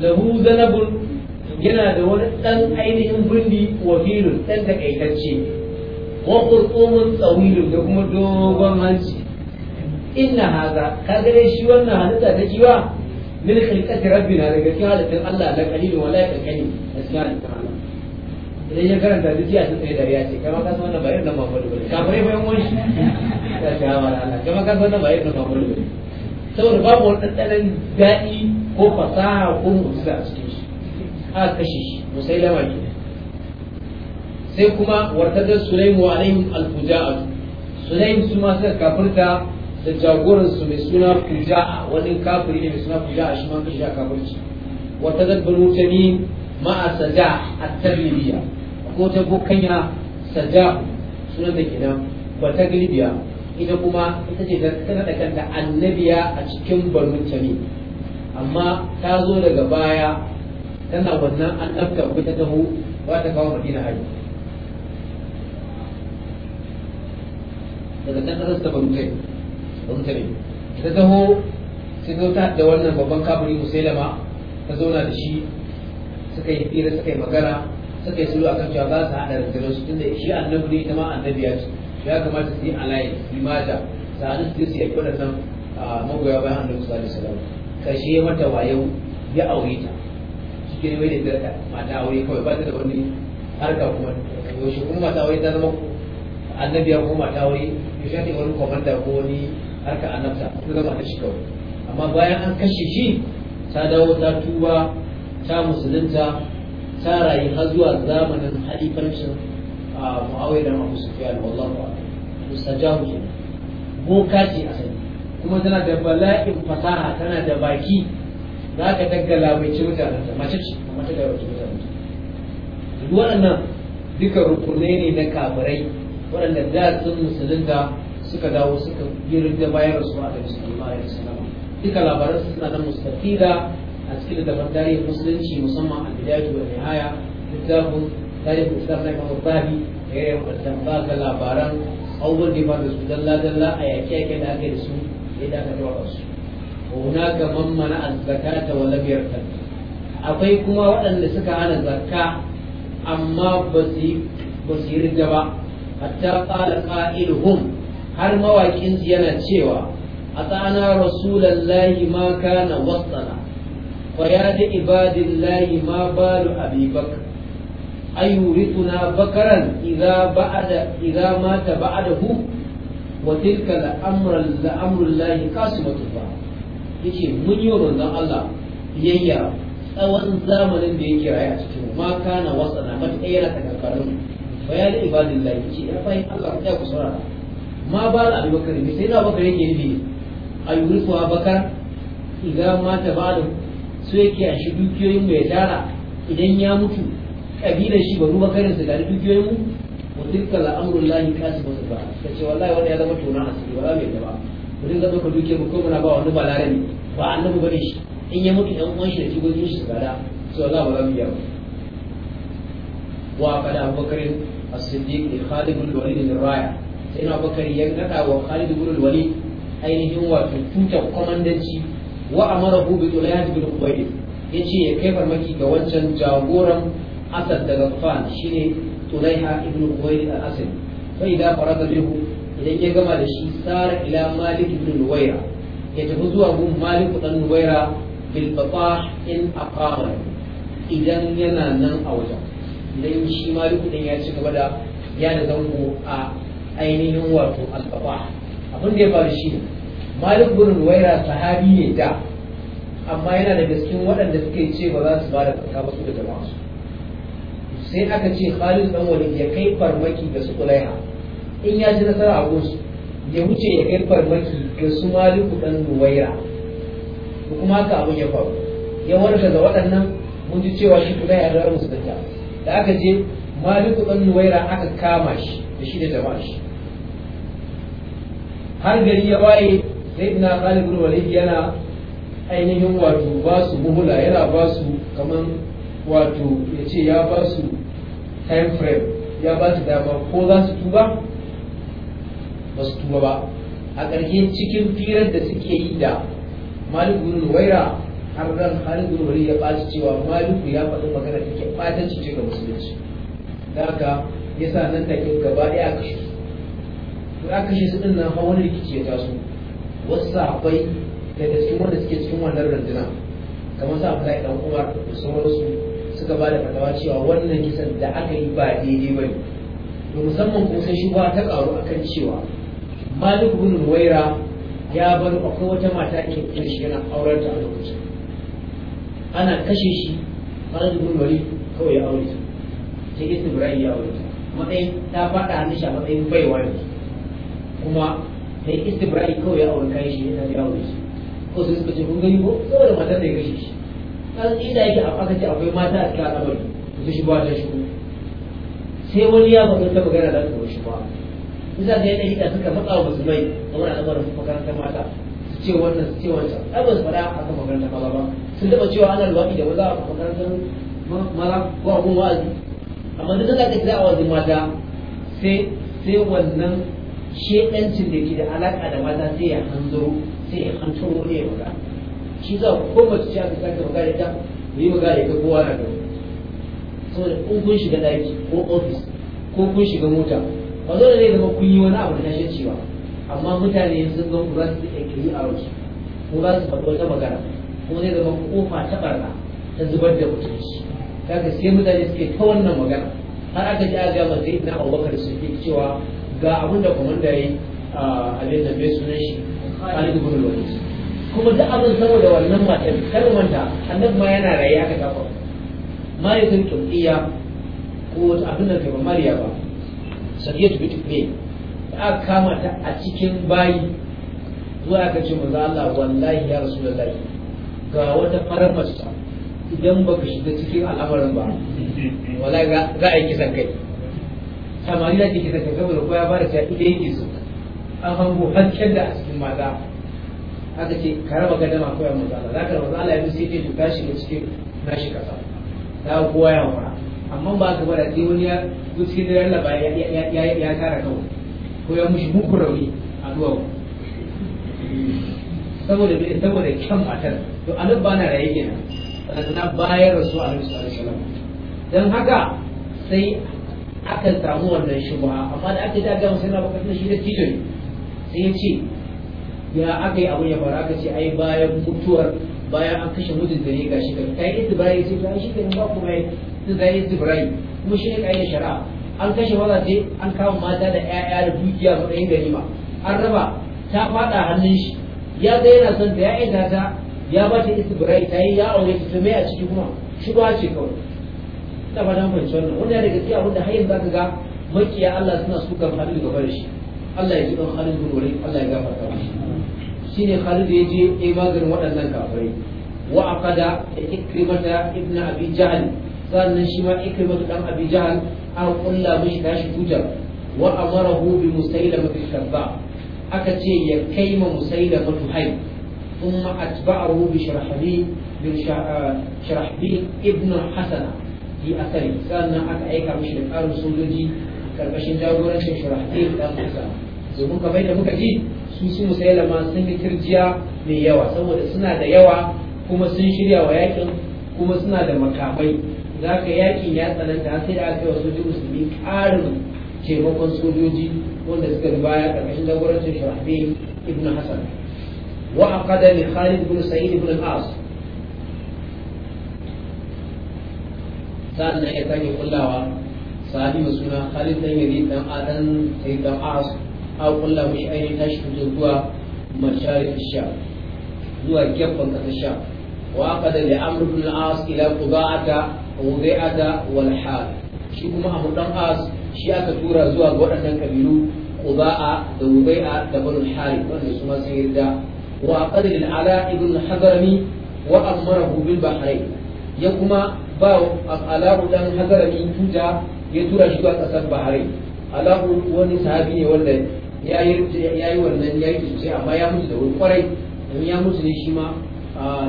lahu zanabun yana da wani dan ainihin bundi wa filun dan takaitacce wa qurqumun tsawilun da kuma dogon hanci inna haza kaga dai shi wannan halitta ta giwa min rabbi na daga cikin halittar Allah la qalilun wala yakani asma'an ta'ala idan ya karanta zuciya sun tsaye dariya ce kama ka san ba irin nan mafudu bane kafirai bayan wani ta shawara Allah kama ka san wannan ba irin nan mafudu bane saboda babu wani ɗanɗanon daɗi ko fasaha ko musa a cikin kashe sai kuma wartadar sulaimu alaihim alfuja'atu sulaim su ma da jagoransu mai suna kuja'a wani kafiri ne mai suna kuja'a shi man kashi a kafirci wa wuta ni ma'a saja at-tarlibiya ko ta bukanya saja sunan da kenan wa taglibiya ita kuma ita ce da tana da kanta annabiya a cikin banu tamim amma ta zo daga baya tana wannan annabta ko ta taho ba ta kawo madina hari daga kan kasar ta banu tamim mutane ta taho sai zo ta da wannan babban kafiri musailama ta zauna da shi suka yi tsira suka yi magana suka yi sulu a kan cewa za su haɗa rundunar su tunda shi annabi ne ita ma annabiya su ya kamata su yi alayi limata sa'adun su su yi waɗannan magoya bayan annabi sallallahu alaihi wasallam karshe mata wayo ya aure ta shi ne wai da mata aure kawai ba ta da wani harka kuma yaushe kuma mata aure ta zama annabiya kuma mata aure ya wani komanda ko wani harka annabta ta gama da shi kawai amma bayan an kashe shi ta dawo ta tuba ta musulunta ta rayu har zuwa zamanin halifarcin a mu'awai da mahu sufiya da wallahu musajahu ke boka ce sani kuma tana da bala'in fasaha tana da baki za ka daggala mai ci mutanen ta mace ce kuma ta da wata mutanen ta waɗannan duka rukunai ne na kafirai waɗanda da sun musulunta suka dawo suka yi rigda bayan rasuwa da musulma ya ba. duka labaran suna nan mustafida a cikin daban tarihin musulunci musamman a bidayatu wa nihaya littafin tarihin islam na kamar babi da ya yi ba ga labaran abubuwan da ba da su dalla-dalla a yaƙe-yaƙe da aka yi da su yadda aka taɓa su وهناك من منع الزكاة ولم يرتد akwai kuma waɗanda suka hana zakka amma ba su yi ba hatta qala qailuhum har mawakin yana cewa atana rasulallahi ma kana wasana wa ya da ibadillahi ma balu abi bakr ayurithuna bakaran idza ba'ada idza mata ba'adahu wa tilka al-amru al-amrullahi qasimatun ba yace mun yi manzon Allah biyayya tsawon zamanin da yake raya cikin ma kana wasana mata yana takarkarin bayan ibadin da yake ya fahim Allah ya ku sura ma ba da Abubakar ne sai da Abubakar yake nufi kuwa Bakar. idan mata ba da su yake a shi dukiyoyin mu ya tara idan ya mutu kabilar shi banu bakarin su gari dukiyoyin mu wa tilkal amrul lahi kasibu ba ce wallahi wannan ya zama tona asiri wala mai da ba mun zama ka dukiyar mu ko muna ba wani ne ba annabi bane shi in ya mutu ɗan uwan shi da shigogin shi su gada su wallahi ba za mu yi ba wa kada abubakar as-siddiq li Khalid ibn Walid ar sai na bakari ya nada wa Khalid ibn Walid ainihin wato tutar komandanci wa amarahu bi Ulayad ibn Ubayd yace ya kai farmaki ga wancan jagoran Asad daga Fan shine Tulaiha ibn Ubayd al-Asad fa idza farada minhu idan ya gama da shi sara ila Malik ibn ya tafi zuwa gun Malik dan Nuwaira bil in aqama idan yana nan a wajen idan shi maliku din ya ci gaba da yana zango a ainihin wato alƙaba abin da ya faru shi ne malik bin ruwaira sahabi ne da amma yana da gaskin waɗanda suke ce ba za su ba da farka ba su da jama'a su sai aka ce khalid dan walid ya kai farmaki ga su kulaiha in ya ci nasara a gunsu ya wuce ya kai farmaki ga su maliku dan ruwaira kuma haka abin ya faru ya warka da waɗannan mun ji cewa shi kulaiha ya zara musu da jama'a da aka je maliku ɗan nuwaira aka kama shi da shi da jama'a shi har gari ya waye sai ina ɗalibin walidi yana ainihin wato ba su muhula yana ba su kamar wato ya ce ya ba su time frame ya ba su dama ko za su tuba ba su tuba ba a ƙarshe cikin firar da suke yi da Maliku bin nuwaira har ran hali gurbari ya ɓaci cewa Maliku ya faɗi magana take ɓatanci ce ga musulunci da haka yasa nan ke gaba ɗaya kashe su to ya kashe su ɗin nan hawan rikici ya taso wasu sahabbai da cikin wanda suke cikin wannan rantsuna, kamar sa Abdullahi ɗan Umar da sauransu suka ba da fatawa cewa wannan kisan da aka yi ba daidai ba ne. Da musamman kuma sai ba ta karu akan cewa Malik bin waira ya bar akwai wata mata ke kirshi yana auren ta a lokacin ana kashe shi farar da wani kawai ya aure ta sai burai ya aure ta matsayin ta faɗa hannun shi a matsayin baiwa ne kuma sai istibra'i kawai ya aure kayan shi ya aure su ko su suka ce kun gani ko saboda matar da ya kashe shi kan inda yake a aka ce akwai mata a cikin al'amari su shi ba ta shi sai wani ya faɗi ta magana da ta shi ba bisa ta yanayi hita suka matsa wa musulmai wani al'amarin makarantar mata su ce wannan su ce wancan ai ba su faɗa a kan makarantar ba ba sun taba cewa ana luwaɗi da maza a makarantar mara ko abun wa'azi amma duk da za a wajen mata sai sai wannan shedancin da ke da alaƙa da mata sai ya hanzo sai ya hantaro ne ya magana shi za ko mace ce aka sake magana ta mu yi da ga kowa na gaba saboda in kun shiga daki, ko ofis ko kun shiga mota ba zo da zai zama kun yi wani abu da tashin cewa amma mutane sun zo ku za su iya kiri a wasu ku za su faɗo wata magana kuma zai zama kofa ta barna ta zubar da mutunci kaga sai mutane suke ta wannan magana har aka ji aga gama zai na abubakar su ke cewa ga abin da kwamanda ya yi a abin da bai sunan shi khalid ibn walid kuma duk abin saboda wannan matan kar manta annabi ma yana raye aka kafa zai tumbiya ko wata abin da kai ba mariya ba sadiyatu bint ne da aka kama ta a cikin bayi zuwa aka ce manzo Allah wallahi ya zai ga wata farafarsa idan baka shiga cikin al'amarin ba wala za a yi kisan kai samari da ke kisan kai saboda ko ya fara cewa ita yake so an hango hasken da a cikin mata haka ce ka raba gadama ko ya maza za ka raba Allah ya bi sai ce ka shiga cikin nashi kasa da kowa ya fara amma ba ka bada sai wani ya zuci da yalla ba ya ya ya kara kawai ko ya mushi muku rauni a duwawu saboda bai saboda kyan matar to nan ba na raye kenan sannan bayar rasu a nan alaihi wasallam dan haka sai akan samu wannan ba amma da aka daga sai na bakatun shi da tijo sai ya ce ya aka yi abun ya faru aka ce ai bayan mutuwar bayan an kashe mutum da ne ga shi kai kai istibrai sai ta shi kenan ba kuma da zai istibrai kuma shi ne kai shara an kashe mazaje an kawo mata da 'ya'ya da dukiya matsayin ba. an raba ta fada hannun shi ya ga yana son ta ya aika ta ya ba ta istibrai ta yi ya aure ta tumai a ciki kuma shi ba ce kawai ta ba dan fahimci wannan ya daga cikin abin da har yanzu ga makiya Allah suna sukan Khalid gaba da shi Allah ya ji don halin bin Allah ya gafarta mishi shine da ya je ya maganin waɗannan kafirai wa a aqada ikrimata ibn abi jahl sannan shi ma ikrimata dan abi jahl an kulla mishi tashi tujar wa hu bi musailama bil shabba aka ce ya kai ma musailama tuhayb thumma atba'ahu bi sharhabi bin sharhabi ibn hasana fi asari sannan aka aika mishi da karin sojoji karkashin jagorancin shirahi da musa domin kamar da muka ji su su musailama sun yi turjiya mai yawa saboda suna da yawa kuma sun shirya wa yakin kuma suna da makamai za ka yakin ya tsananta sai da aka yi wa sojin musulmi karin taimakon sojoji wanda suka baya ƙarƙashin jagorancin shahbi ibn hasan wa aqada li khalid ibn sa'id ibn al-as na ya sake kullawa sahabi mai suna khalid dan yazid dan adan sai dan as a kulla mishi ainihin tashi fito zuwa masharif sha zuwa gefen kasar sha wa aqada li amr ibn al-as ila quba'ata wa wudai'ata wal hal shi kuma abu dan as shi aka tura zuwa ga waɗannan kabilu quba'a da rubai'a da banu harith wanda su ma sun yarda wa qadil ala ibn wa amarahu bil bahrain ya kuma ba dan ya tura shi zuwa bahrain wani sahabi ne wanda wannan yaki sosai amma ya mutu da wuri kwarai ya mutu ne shi ma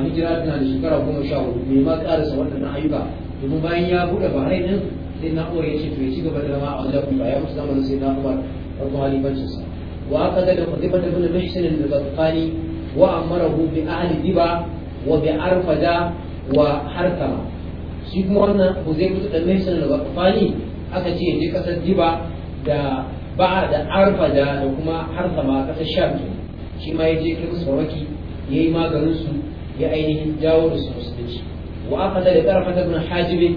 hijira tana da shekara goma sha hudu bai ma ƙarasa waɗannan ayyuka domin bayan ya buɗe bahrain din sai na umar ya ce to ya ci gaba da zama a wajen kuma ya mutu zamanin sai na umar farko halifancinsa wa aka ga da kudimata bin mihsin al-battani wa amarahu bi ahli diba wa bi arfada wa harkama shi kuma wannan zai huzaifu da mihsin al-battani aka ce je kasar diba da ba da arfada da kuma harkama kasar sham shi ma ya je kai musu farmaki ya yi maganinsu ya ainihin jawo da su musulunci wa aka da da tarfata bin hajibin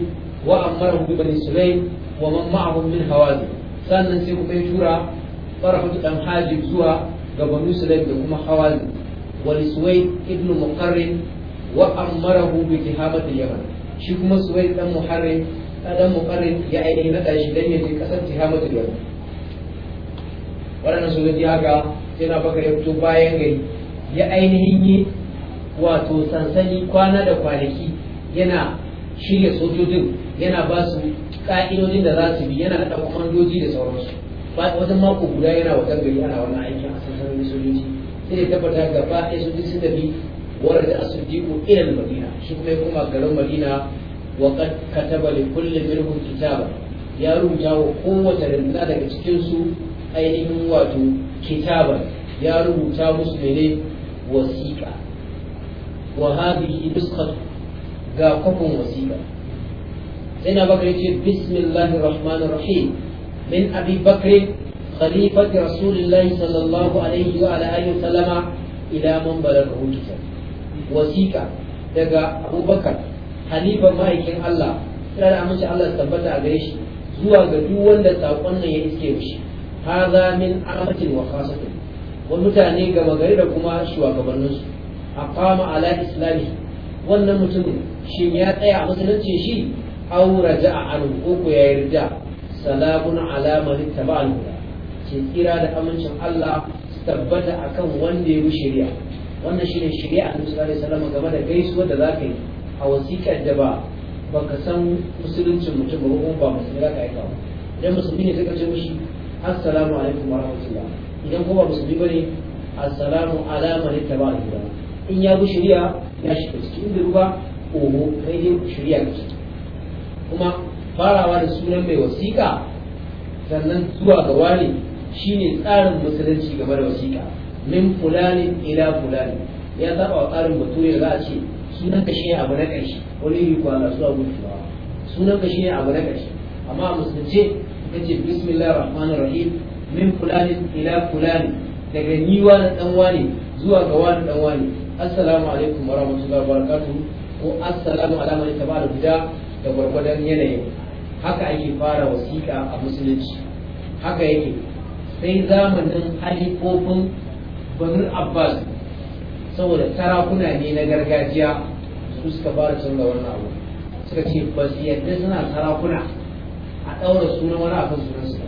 وأمره ببني سليم ومن معهم من هوازن sannan sai kuma ya tura farahatu dan hajib zuwa ga banu sulaim da kuma hawazin wal suwaid ibn muqarrin wa amarahu bi tihamat yaman shi kuma suwaid dan muharrim dan ya ainihin nada shi dan ya je kasar tihamat yaman wannan sojoji haka sai na bakar ya bayan gari ya ainihin yi wato sansani kwana da kwanaki yana shirya sojojin yana ba su ka'idodin da za su bi yana da haɗa kwamandoji da sauransu ba wajen mako guda yana wa gari ana wannan aikin a sojoji sai da tabbata gaba ɗaya sojoji sun tafi warar da asirjiku irin madina shi kuma ya garin madina wa kataba li kulli minhum kitaba ya rubuta wa kowace rinduna daga cikin su ainihin wato kitaba ya rubuta musu ne wasiƙa wa hadhihi nuskhatu ga kwafin wasiƙa sai na bakar ce bismillahir rahmanir rahim min abi bakr khalifati rasulillahi sallallahu alaihi wa ala alihi sallama ila man balaghahu kitab wasiƙa daga abubakar khalifar ma'aikin Allah sai da amince Allah tabbata a gare shi zuwa ga duk wanda saƙon nan ya iske shi hadha min amatin wa khasatin wa mutane gama gari da kuma shugabanninsu aqama ala islami wannan mutumin shi ya tsaya a musulunci shi aw raja'a anhu ko ko ya yarda salamun alama man ittaba ce tsira da amincin Allah su tabbata akan wanda ya bi shari'a wannan shine shari'a Annabi sallallahu alaihi wasallam game da gaisuwa da zaka yi a wasiƙar da ba baka san musuluncin mutum ba ko ba musulmi zaka aika ba idan musulmi ne sai ce mishi assalamu alaikum wa rahmatullah idan ko ba musulmi bane assalamu alaikum wa rahmatullah in ya bi shari'a ya da cikin durba oho daidai shirya ce kuma farawa da sunan mai wasiƙa sannan zuwa ga wani shine tsarin musulunci game da wasiƙa min fulani ila fulani ya zaba wa tsarin bature za a ce sunan ka shine abu na ƙarshe wani yi na zuwa gudunawa sunan ka shine abu na ƙarshe amma a musulunce ka ce bismillah rahman rahim min fulani ila fulani daga niwa na ɗan wani zuwa ga wani ɗan wani assalamu alaikum wa rahmatullahi wa barakatuhu ko assalamu ala man da guda da gwargwadon yanayin haka ake fara wasiƙa a musulunci haka yake sai zamanin halifofin banu abbas saboda sarakuna ne na gargajiya su suka fara canza wannan abu suka ce ba su yadda suna sarakuna a ɗaura sunan wani akan sunan su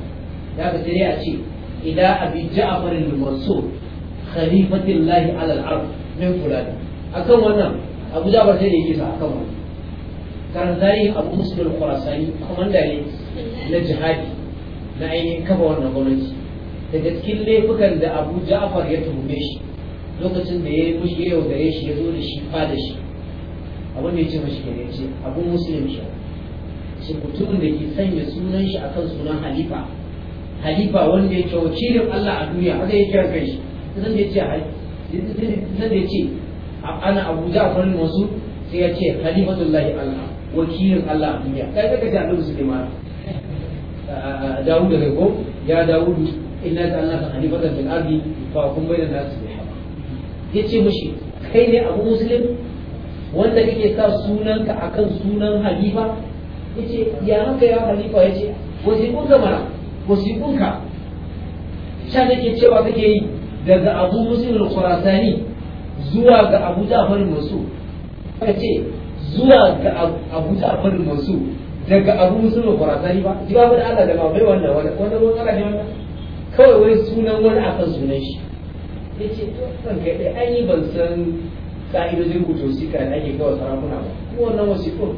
da ka sai a ce Idan abi ja'far al-mansur khalifatillahi ala al-ardh min fulani akan wannan abu jafar sai da yake sa akan wannan karan tarihin abu muslim al-khurasani komanda ne na jihadi na ainihin kafa wannan gwamnati daga cikin laifukan da abu ja'far ya tuhume shi lokacin da ya yi mushi yau gare shi ya zo da shi fa da shi abin da ya ce mashi gare ce abu muslim shi shi mutumin da ke sanya sunan shi akan sunan halifa halifa wanda ya ce wakilin Allah a duniya haka ya kira kai shi zan da ya ce sai ce ana abuja a allah wakilin allah a duniya kai da ko ya dawud inna ka fa kun bayyana mushi kai ne abu muslim wanda kake sa sunanka akan sunan halifa yace ya haka ya halifa yace wasiqun ka mara wasiqun ka da ke cewa kake yi daga abu muslim al-khurasani zuwa ga abu ja'far al-mansur ka ce zuwa ga abu ja'far al daga abu muslim al-khurasani ba ji babu da Allah da ba bai wannan wani wannan ruwan Allah ne wannan kawai wai sunan wani a kan sunan shi ya ce to kan ga dai yi ban san ka'idojin kuto shi da ake kawo sarakuna ba kuma wannan wasu ko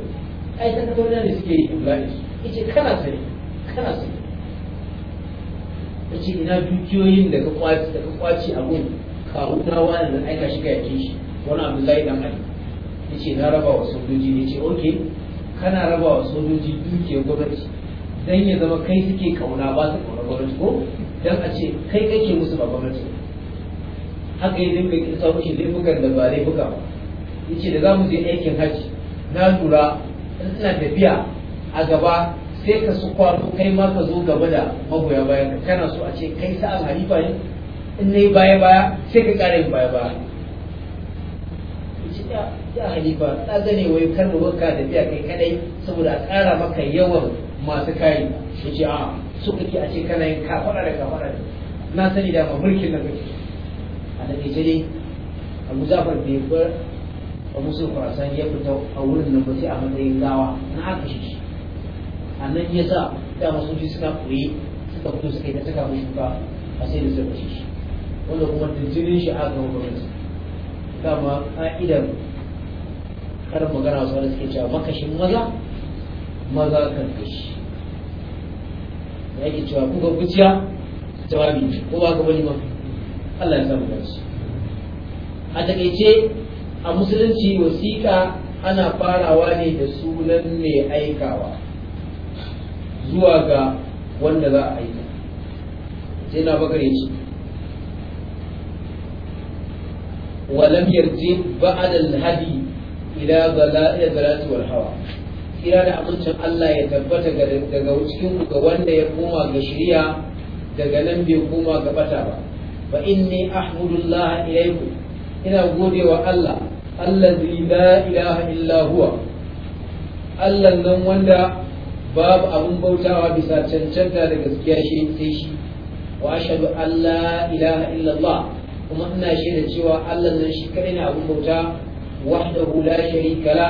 ai ta kato ne suke yi ya ce kana sani kana sani ta ce ina dukiyoyin da ka kwaci da ka kwaci a gun kawo na wani da aika shi ga yake shi wani abdullahi dan ali ya ce na raba wa sojoji ne ce ok kana raba wa sojoji dukiyar gwamnati dan ya zama kai suke kauna ba su kauna gwamnati ko dan a ce kai kake musu ba gwamnati haka ya dinga kirsa mushi laifukan da ba buga ba ya ce da za mu je aikin hajji na lura ina suna tafiya a gaba sai ka su kwaro kai ma ka zo gaba da magoya baya ka kana so a ce kai sa'an halifa ne in na yi baya baya sai ka ƙara yin baya baya ya halifa ta gane wai kar mu wanka da biya kai kadai saboda a ƙara maka yawan masu kari su ce a so kake a ce kana yin kafaɗa da kafaɗa na sani da mulkin na kake a ke dai a muzafar bai bar abu sun ya fita a wurin nan ba sai a matsayin gawa na haka shi annan ya sa da masu ji suka kuri suka fito suka yi ta saka mai shuka a sai da suka shi wanda kuma da jinin shi aka su gwamnati dama ka'idar karin magana wasu wanda suke cewa makashin maza maza kan kashi da yake cewa kuka kuciya jawabi ko ba ka wani ma Allah ya samu dace a takaice a musulunci wasiƙa ana farawa ne da sunan mai aikawa zuwa ga wanda za a aika sai na bakar ya ce walam yarji ba'ad al-hadi ila wal hawa kira da amincin Allah ya tabbata daga cikin ku ga wanda ya koma ga shari'a daga nan bai koma ga bata ba fa inni ahmudullah ilaykum ina wa Allah allazi la ilaha illa huwa Allah nan wanda babu abin bautawa bisa cancanta da gaskiya shi sai shi wa ashhadu an ilaha illallah kuma ina shaida cewa Allah nan shi kadai ne abin bauta wahdahu la sharika la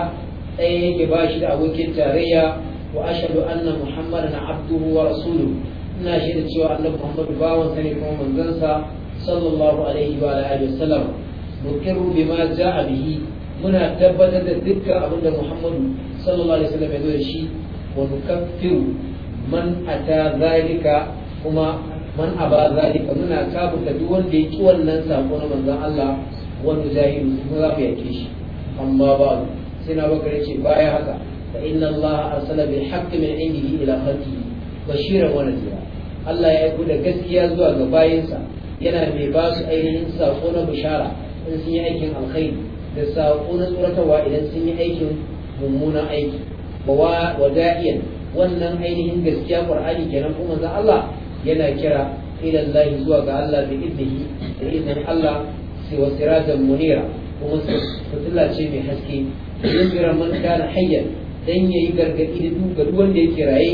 ɗaya yake ba shi da abokin tarayya wa ashhadu anna muhammadan abduhu wa rasuluhu ina shaida cewa Allah Muhammadu bawan sa ne kuma manzon sa sallallahu alaihi wa alihi wasallam nukiru bima ja'a bihi muna tabbatar da dukkan abin da Muhammadu sallallahu alaihi wasallam ya zo da shi ونكفر من أتى ذلك kuma man aba muna kabuta duk wanda yake wannan sako na manzon Allah wanda jahilu kuma za mu yake shi amma ba sai na bakar yace baya haka fa inna Allah arsala bil haqqi min indihi ila khalqihi bashiran wa nadira Allah ya aiko da gaskiya zuwa ga bayansa, yana mai basu ainihin sako na bishara in sun yi aikin alkhairi da sako na tsoratarwa idan sun yi aikin mummunan aiki wada'iyan wannan ainihin gaskiya qur'ani kenan kuma manzon Allah yana kira ila Allah zuwa ga Allah bi idnihi da idan Allah si wa sirajan munira kuma fitila ce mai haske yusira man kana hayyan dan yayi gargadi da duk duwan wanda yake raye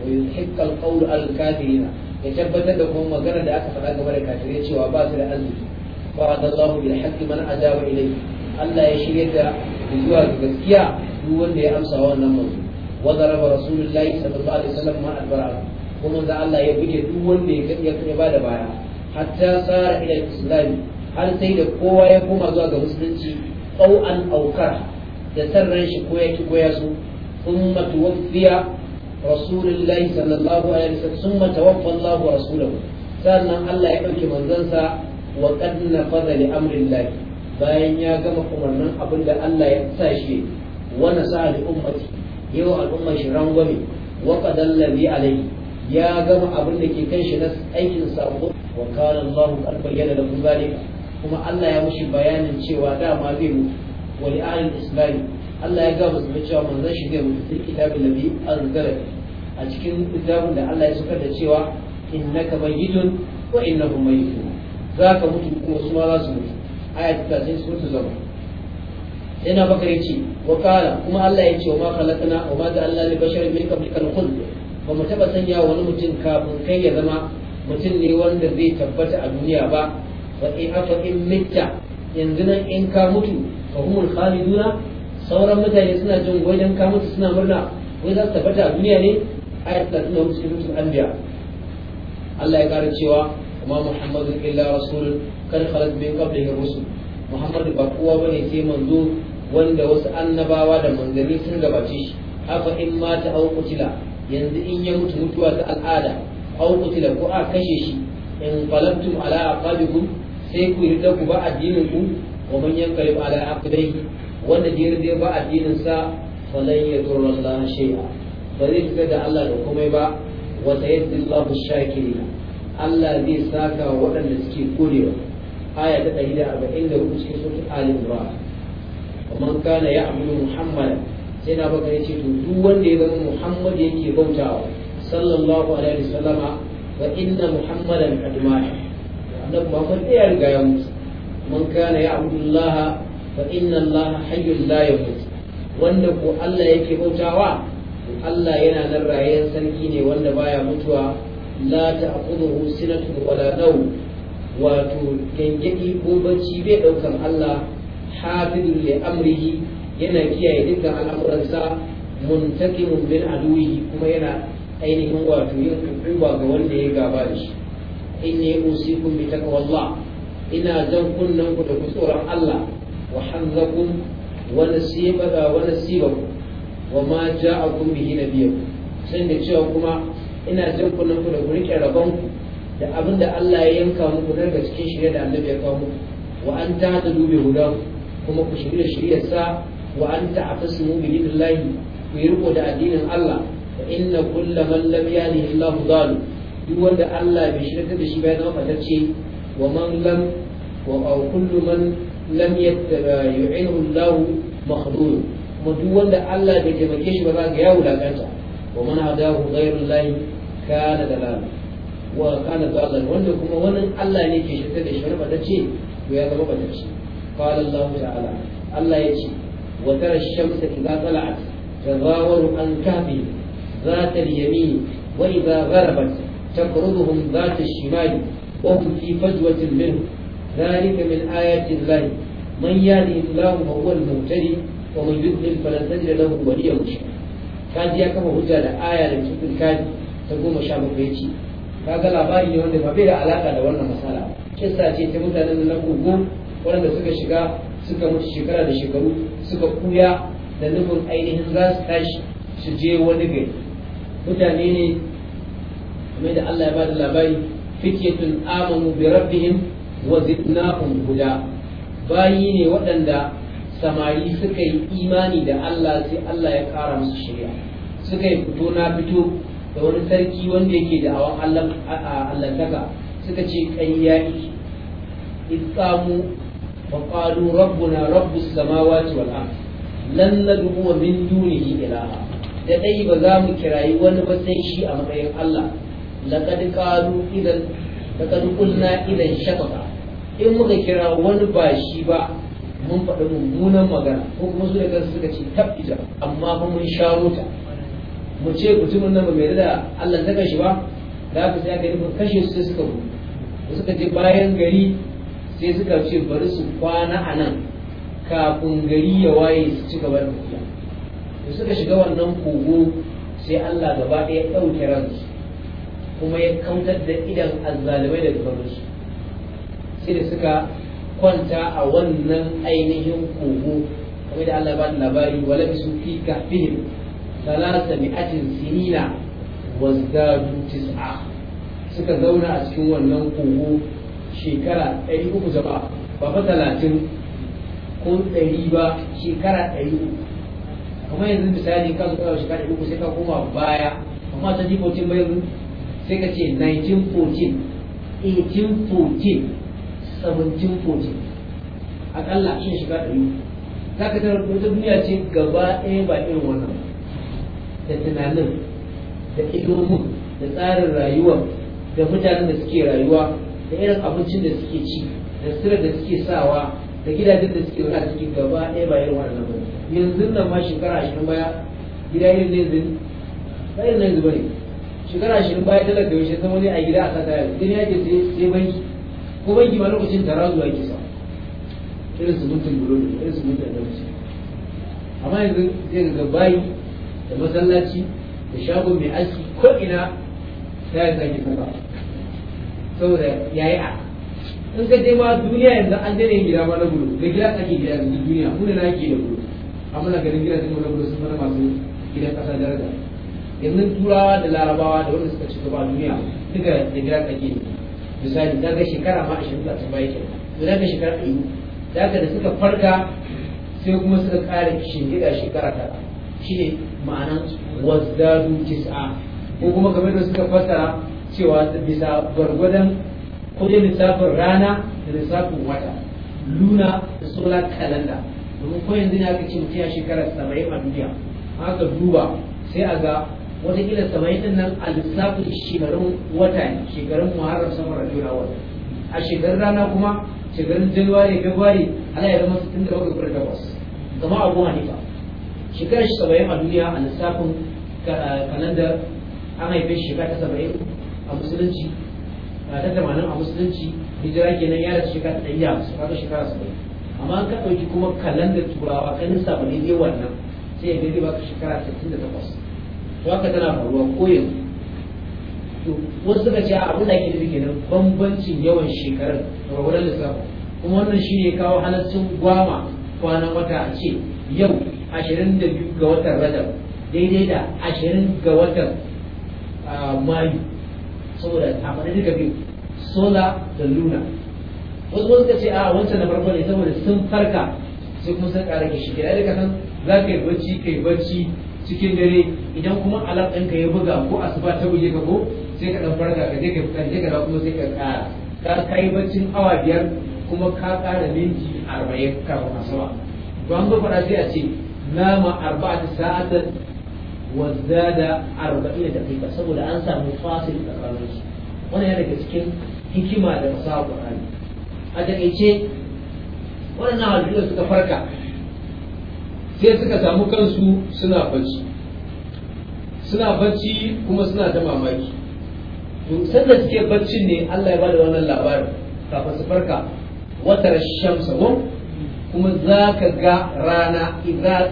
wa yuhiqqal qawl al kafirina ya tabbatar da kuma magana da aka faɗa game da kafirai cewa ba su da arziki wa'adallahu bil haqqi man ajaba ilayhi Allah ya shirya da zuwa ga gaskiya duk wanda ya amsa wannan manzo raba daraba rasulullahi sallallahu alaihi wasallam ma albara kuma da Allah ya buge duk wanda ya ya bada baya hatta sara ila islami har sai da kowa ya koma zuwa ga musulunci au an aukar da sarran shi ko ya ki ko ya so thumma tuwaffiya rasulullahi sallallahu alaihi wasallam thumma tawaffa Allah wa sannan Allah ya dauke manzansa wa qad nafadha li amri bayan ya gama umarnin abin da Allah ya sa shi wani sa da ummati yau al'ummar shi rangwame wa qadallabi alayhi ya gama abin da ke kan shi na aikin sako wa kana Allah qad bayyana lahu zalika kuma Allah ya mushi bayanin cewa dama zai mutu wa li ahli islami Allah ya gama musulmi cewa manzon shi zai mutu cikin kitabin nabi anzala a cikin kitabun da Allah ya saka da cewa innaka mayyitun wa innahum Za ka mutu kuma su ma za su mutu ayat ta sai su zama sai na yace wa kala kuma Allah yace wa ma khalaqna wa ma ja'alna li basharin min qablika kan khuld ba mu taba sanya wani mutum kafin kai ya zama mutum ne wanda zai tabbata a duniya ba fa in aka in mitta yanzu nan in ka mutu fa humul khaliduna sauran mutane suna jin wai ka mutu suna murna wai za su tabbata a duniya ne ayat ta tuna musu anbiya Allah ya kara cewa kuma Muhammadu illa rasul kan khalaq min qablihi rusul Muhammadu ba kowa bane sai manzo wanda wasu annabawa da manzanni sun gabace shi haka in mata aw qutila yanzu in ya mutu mutuwa ta al'ada aukutila ko a kashe shi in qalabtum ala aqabikum sai ku rida ku ba addinin ku wa man yanqalib ala aqdaihi wanda jira zai ba addinin sa falan yadurra Allah shay'a ba zai fita da Allah da komai ba wa sayyidullah Allah shakirin Allah zai saka waɗanda suke godewa aya ta 144 cikin sura al-imran man kana ya amini muhammad sai na baka yace to duk wanda ya zama muhammad yake bautawa sallallahu alaihi wasallama wa inna muhammadan qad mata annabi muhammad sai ya riga ya mutu man kana ya abdullaha fa inna allah hayyul la yamut wanda ko Allah yake bautawa Allah yana nan rayen sarki ne wanda baya mutuwa la ta'khudhu sinatun wala nawm wato gangadi ko bacci bai daukan Allah حافظ لأمره amrihi yana kiyaye dukkan al'amuransa muntakimun min aduwihi kuma yana ainihin wato yin hukuma ga wanda ya gaba da shi inni usikum bi taqwallah ina zan kunnan ku da tsoron Allah به نبيكم wa ma da cewa kuma ina zan da ku rike rabon ku da abin da Allah ya yanka muku daga cikin shirya da annabi ya kawo muku wa an ta da dube gudanku. kuma ku shirya shirya sa wa an ta ta'tasimu bi billahi ku yi riko da addinin Allah fa inna kulla man lam yahdihi Allah dalu duk wanda Allah bai shirka da shi ba ya zama ce wa man lam wa kullu man lam yu'inu Allah makhdud kuma duk wanda Allah bai taimake shi ba za ga ya wulakanta wa man hadahu ghayrullahi kana dalal wa kana dalal wanda kuma wannan Allah ne ke shirka da shi wani ce to ya zama batacce قال الله تعالى الله يجي وترى الشمس إذا طلعت تظاهر عن كهفهم ذات اليمين وإذا غربت تقرضهم ذات الشمال وهم في فجوة منه ذلك من آيات الله من يهده الله فهو المهتدي ومن يضلل فلن تجد له وليا مرشدا kaji ya kama hujja da aya da cikin kaji ta goma sha bakwai ce kaga labari ne wanda ba bai da alaka da wannan masala kissa ce ta mutanen na kogo waɗanda suka shiga suka mutu shekara da shekaru suka kuya da nufin ainihin za su tashi su je wani gari mutane ne kamar da Allah ya ba da labari fikiyatun amanu bi rabbihim wa zidnahum huda bayi ne waɗanda samari suka yi imani da Allah sai Allah ya kara musu shari'a suka yi fito na fito da wani sarki wanda yake da awon allantaka suka ce ƙayya iki وقالوا ربنا رب السماوات والأرض لن ندعو من دونه إلها da dai ba za mu kirayi wani ba sai shi a matsayin Allah laqad qalu idan laqad qulna idan shafaka in muka kira wani ba shi ba mun faɗi mummunan magana ko kuma su da suka ce tabbita amma fa mun sharo ta mu ce mutumin nan ba mai da Allah ta kashi ba da haka sai aka yi kashe su sai suka gudu suka je bayan gari sai suka ce bari su kwana a nan kafin gari ya waye su ci gaba da tafiya da suka shiga wannan kogo sai Allah gaba ɗaya ɗauke ransu kuma ya kautar da idan azzalumai daga garinsu sai da suka kwanta a wannan ainihin kogo kamar da Allah ba da labari wala bisu fi kafihim salasa mi'atin sinina wazdadu tis'a suka zauna a cikin wannan kogo shekara ɗari uku zaba ba fa talatin ko ɗari ba shekara ɗari uku kuma yanzu misali ka zo kawai shekara ɗari uku sai ka koma baya amma ta ji 14 ba yanzu sai ka ce 1914 1814 1714 akalla shi shekara ɗari uku za ka tarar ta duniya ce gaba ɗaya ba irin wannan da tunanin da ilimin da tsarin rayuwa da mutanen da suke rayuwa da irin abincin da suke ci da sirar da suke sawa da gidajen da suke wani cikin gaba ɗaya ba irin wannan ba yanzu nan ma shekara ashirin baya gida irin ne yanzu ba irin na yanzu ba ne shekara ashirin baya talar da yaushe zama ne a gida a sata yau idan ya ke sai banki ko banki ma lokacin tara ya ke sa irin su mutum bulo ne irin su mutum da wuce amma yanzu zai ga bayi da masallaci da shagon mai aski ko ina yi zaki saka saboda ya yi a in ka je ma duniya yanzu an dane gida ma na gudu da gida ake gida yanzu duniya mu da nake da gudu amma na ganin gida kuma na gudu sun fara masu gidan kasa daraja yanzu turawa da larabawa da wanda suka ci gaba duniya duka da gida ake ne misali daga shekara ma ashirin da ta bayyana. kenan daga shekara ɗari daga da suka farka sai kuma suka ƙara gida shekara ta Shi ne ma'anan wazdadu tis'a ko kuma kamar da suka fassara cewa bisa gwargwadon kudin lissafin rana da lissafin wata luna da solar calendar domin ko yanzu ne aka ce mutum ya shekarar saba'in a duniya haka duba sai a ga watakila saba'in din nan a lissafin shekarun wata ne shekarun muharram samar a juna wata a shekarun rana kuma shekarun januwari februari ana yi zama sittin da bakwai kuma wasu zama abu nifa shekarar saba'in a duniya a lissafin kalandar eh, an haife shekara ta saba'in a musulunci ba ta tamanin a musulunci hijira kenan ya rasu shekara ɗari da hamsin kaga shekara saba'in amma an ka ɗauki kuma da turawa ka nisa ba ne dai wannan sai ya zai baka shekara sittin da takwas to haka tana faruwa ko yanzu to wasu suka ce abin da ake nufi kenan bambancin yawan shekarar, da wani lissafi kuma wannan shi ne kawo halaccin gwama kwanan wata a ce yau ashirin da biyu ga watan rajab daidai da ashirin ga watan ah, mayu saboda amfani duka biyu sola da luna wasu wasu ka ce a wancan na farko ne saboda sun farka sai kuma sun ƙara kishi gida da kasan za ka yi bacci ka yi bacci cikin dare idan kuma alam ɗinka ya buga ko asuba ta buge ka ko sai ka ɗan farka ka je ka fita je ka kuma sai ka ƙara ka yi baccin awa biyar kuma ka ƙara minti arba'in kafin asuba ba an faɗa sai a ce nama arba'ata ta. wazada da daqiqa saboda an samu fasil tsakanin su wannan cikin hikima da fasaha Qur'ani a takaice na halittu da suka farka sai suka samu kansu suna bacci suna bacci kuma suna da mamaki to sanda suke bacci ne Allah ya bada wannan labarin kafin su farka watar shamsa kuma za ka ga rana idan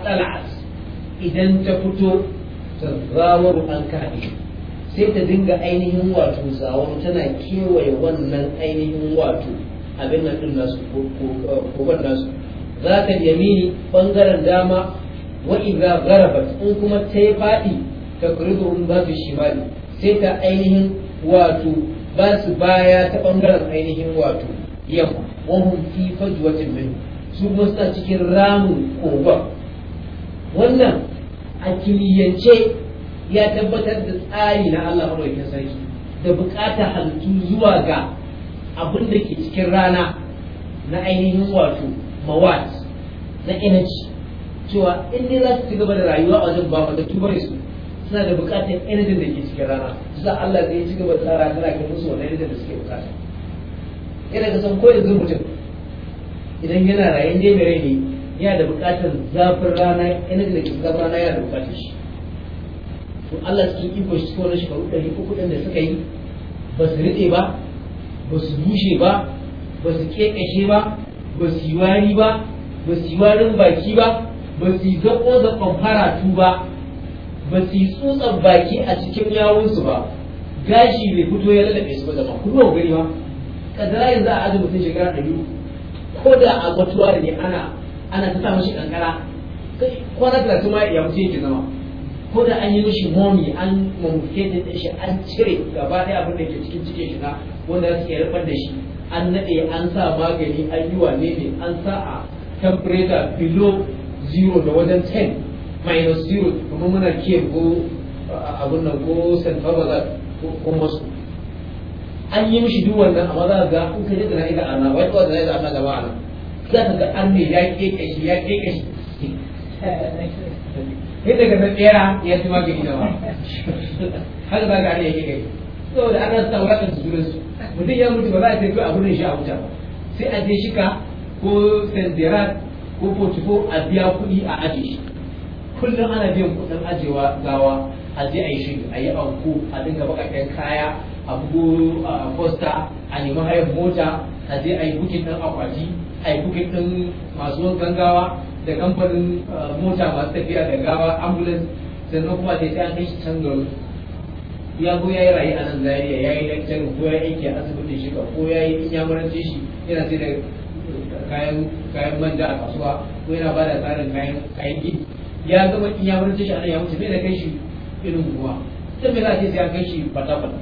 idan ta fito tazawaru an kaɗe sai ta dinga ainihin wato tana kewaye wannan ainihin wato abin nan ɗin nasu ban nasu za ka yamini ɓangaren dama wa iza gharabat in kuma ta yi faɗi ta kuridu ba su shimali sai ta ainihin wato ba su baya ta ɓangaren ainihin wato yamma wahum fi fajwatin min su kuma suna cikin ramun kogon wannan a kiliyance ya tabbatar da tsari na Allah maɗaukin sarki da buƙatar halittu zuwa ga abin da ke cikin rana na ainihin wato mawat na energy cewa in za su ci gaba da rayuwa a wajen ba da tubar su suna da buƙatar energy da ke cikin rana su za Allah zai ci gaba da tsara tana ga musu wani energy da suke buƙata yana ga san ko yanzu mutum idan yana raye ne mai rai ne yana da bukatar zafin rana energy da ke zafin rana yana da buƙatar shi to Allah cikin iko shi cikin wani shekaru ɗari uku ɗin da suka yi ba su riɗe ba ba su bushe ba ba su ƙeƙashe ba ba su yi wari ba ba su yi warin baki ba ba su yi zaƙo zaƙon faratu ba ba su yi tsutsar baki a cikin yawunsu ba gashi bai fito ya lalabe su ba zama kuma gani ba kadara yanzu a mutum shekara ɗari ko da a gwatuwa da ne ana ana ta sa mashi kankara kwana da kuma ya mutu yake zama ko da an yi mishi momi an mamuke da shi an cire gaba ɗaya abin da ke cikin cikin shi na wanda za su iya rufar da shi an naɗe an sa magani an yi wane ne an sa a temperature below zero da wajen 10 minus zero kuma muna ke ko abin nan ko st ko masu an yi mishi duk wannan amma za ga in ka da na ila ana wai kawai da na ila ana gaba a nan za ka ga an mai ya keke shi ya keke shi sai daga nan tsera ya fi magani da ba har ba gari ya keke saboda ana sa wata su junan su mutum ya mutu ba za a tafi a gurin shi a wuta ba sai a je shika ko senderat ko portugal a biya kuɗi a ajiye shi kullum ana biyan kuɗin ajewa gawa a je a yi shi a yi anko a dinga baƙaƙen kaya a bugu a posta a nemi hayar mota a je a yi bukin ɗan akwati aikukin ɗin masu wankan gawa da kamfanin uh, mota masu tafiya da gawa ambulance sannan kuma sai an kai shi can garin ya go ya yi rayu a nan zariya ya yi lecture ko ya aiki a asibitin shi ko ya yi in ya marance shi yana sai da kayan kayan manja a kasuwa ko yana ba da tsarin kayan kayan gidi ya zama in ya marance shi a nan ya wuce bai da kai shi irin kuwa sai me za a ce sai an kai shi fatakwal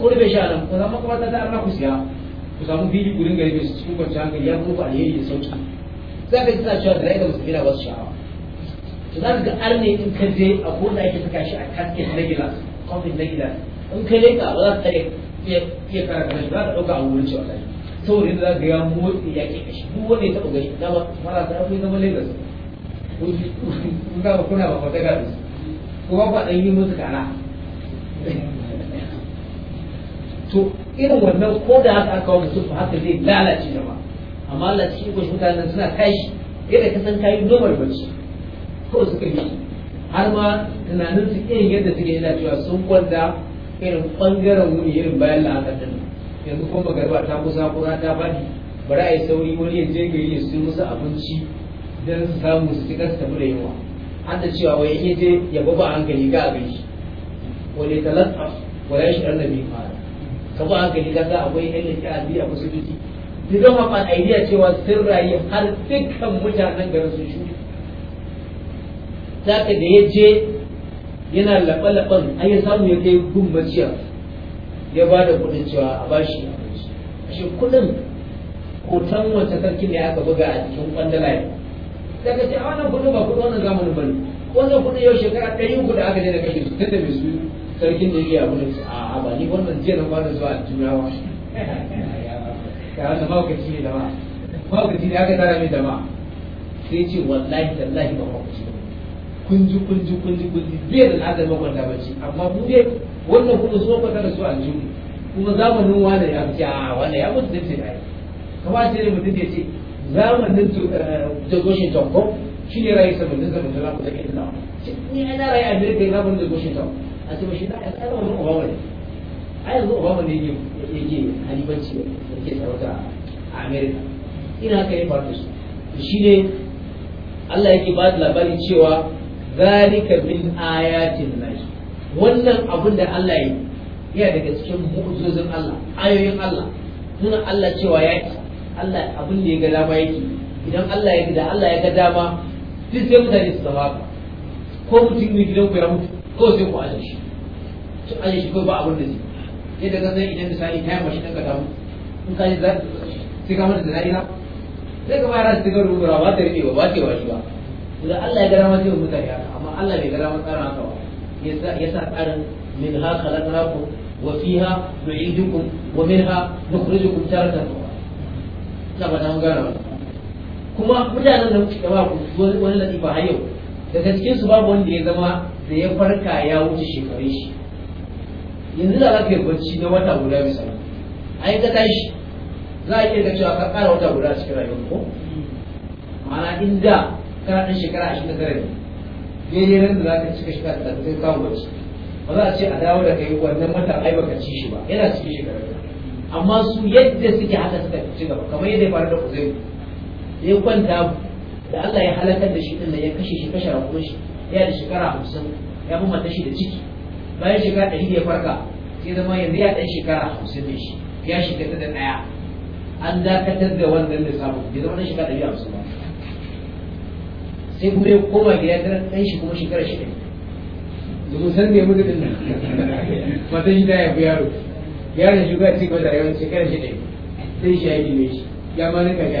ko da bai sha nan ko zama kuma ta ta arna ku siya ku samu fili ku dinga yi su cikin hankali ya kuma alheri da sauki za ka ji cewa da musulmi na wasu sha'awa to za ka ga arne in ka je a ko da ake saka shi a kasket na na in ka leka ba za ka iya kara kana shi ba ka ɗauka a wurin cewa ta saboda yadda za ka ya motsi ya ke kashi wanda ya taɓa gani akwai zama lagos kun ga kuna ba kwata ko ba ɗan yi musu kana to irin wannan ko da haka aka wani sufu haka zai lalace ba, amma Allah cikin ko mutanen suna tashi irin ka san kayi normal bacci ko suka yi har ma tunanin su irin yadda suke yana cewa sun kwanta irin bangaren wuri irin bayan la'akar yanzu kuma garba ta kusa kura ta bani. bari a yi sauri wani ya je gari ya su musu abinci don su samu su ci da yawa har da cewa wai ya je ya baba hankali ga abinci? wani talatsa wani shirar da fara ka ba hankali ka ga akwai yan leke a biya wasu duki you don't have an idea cewa sun rayu har dukkan mutanen garin sun shuɗe ka da ya je yana laɓa-laɓan an ya samu ya kai gun ya ba da kuɗin cewa a bashi abinci ashe kuɗin hoton wata sarki ne aka buga a cikin kwandala ya daga ce a wannan kuɗin ba kuɗin wannan zamanin ne wannan kuɗin yau shekara ɗari uku da aka je da kashe su tattabe su sarkin da yake abu da su a ba ni wannan jiya na fara zuwa turawa ya wannan mawakaci ne dama mawakaci ne aka tara mai dama sai ce wallahi tallahi ba mawakaci ba kunji kunji kunji kunji bai da al'adar makwanta ba amma mu wannan kuma su makwanta da su kuma zamanin wane ya fi a wane ya mutu dace da yi kama shi ne mutum ya ce zamanin jagoshin eh, tongo shi ne rayu sabbin zamanin zamanin da ke nuna ce ni na rayu amerika ya zamanin jagoshin tongo a ce mashi da a tsara wani obama ne a yanzu obama ne yake yake halibanci yake sarauta a america ina haka ya faru su shi ne Allah yake ba da labari cewa zalika min ayatin lahi wannan abin da Allah ya yana daga cikin mu'jizozin Allah ayoyin Allah nuna Allah cewa ya isa Allah abin da ya ga dama yake idan Allah ya ga Allah ya ga dama duk sai mutane su saba ko mutum ne gidan ku ya mutu ko sai ku aje shi su aje shi ko ba abin da zai yadda ka san idan misali kayan mashi ɗan ka damu in ka yi sai ka mata da na'ira sai ka bayar su ga rubura ba ta rike ba ba ta yawa shi ba idan Allah ya gara mata yawan mutane haka amma Allah bai gara mata tsarin haka ba ya sa tsarin min ha khalaqnakum wa fiha nu'idukum wa minha nukhrijukum taratan ukhra na ba ta gane wannan kuma mutanen da muke da ba ku wani latifa har yau daga cikin su babu wanda ya zama da ya farka ya wuce shekarun shi yanzu da za ka yi bacci na wata guda misali ai ka tashi za a iya ga cewa ka ƙara wata guda a cikin rayuwar ko ma'ana inda kana ɗan shekara ashirin da tara ne daidai nan da za ka cika shekara da sai kawo bacci ba za a ce a dawo da kai wannan wata ai baka ci shi ba yana cikin shekara amma su yadda suke haka suka ci gaba kamar yadda ya faru da kuzari ya kwanta da Allah ya halakar da shi din da ya kashe shi kashe rago shi ya da shekara hamsin ya kuma matashi da ciki bayan shekara ɗari da ya farka sai zama yanzu ya ɗan shekara hamsin ne shi ya shiga ta da ɗaya an dakatar da wannan samu bai zama ɗan shekara ɗari hamsin ba sai kuma ya koma gida ta ɗan shi kuma shekara shida domin san ne mutu ɗin nan mata shi ta yafi yaro ya da shi ba ci gaba da rayuwar shekara shida sai shi ya gine shi ya ma nika ya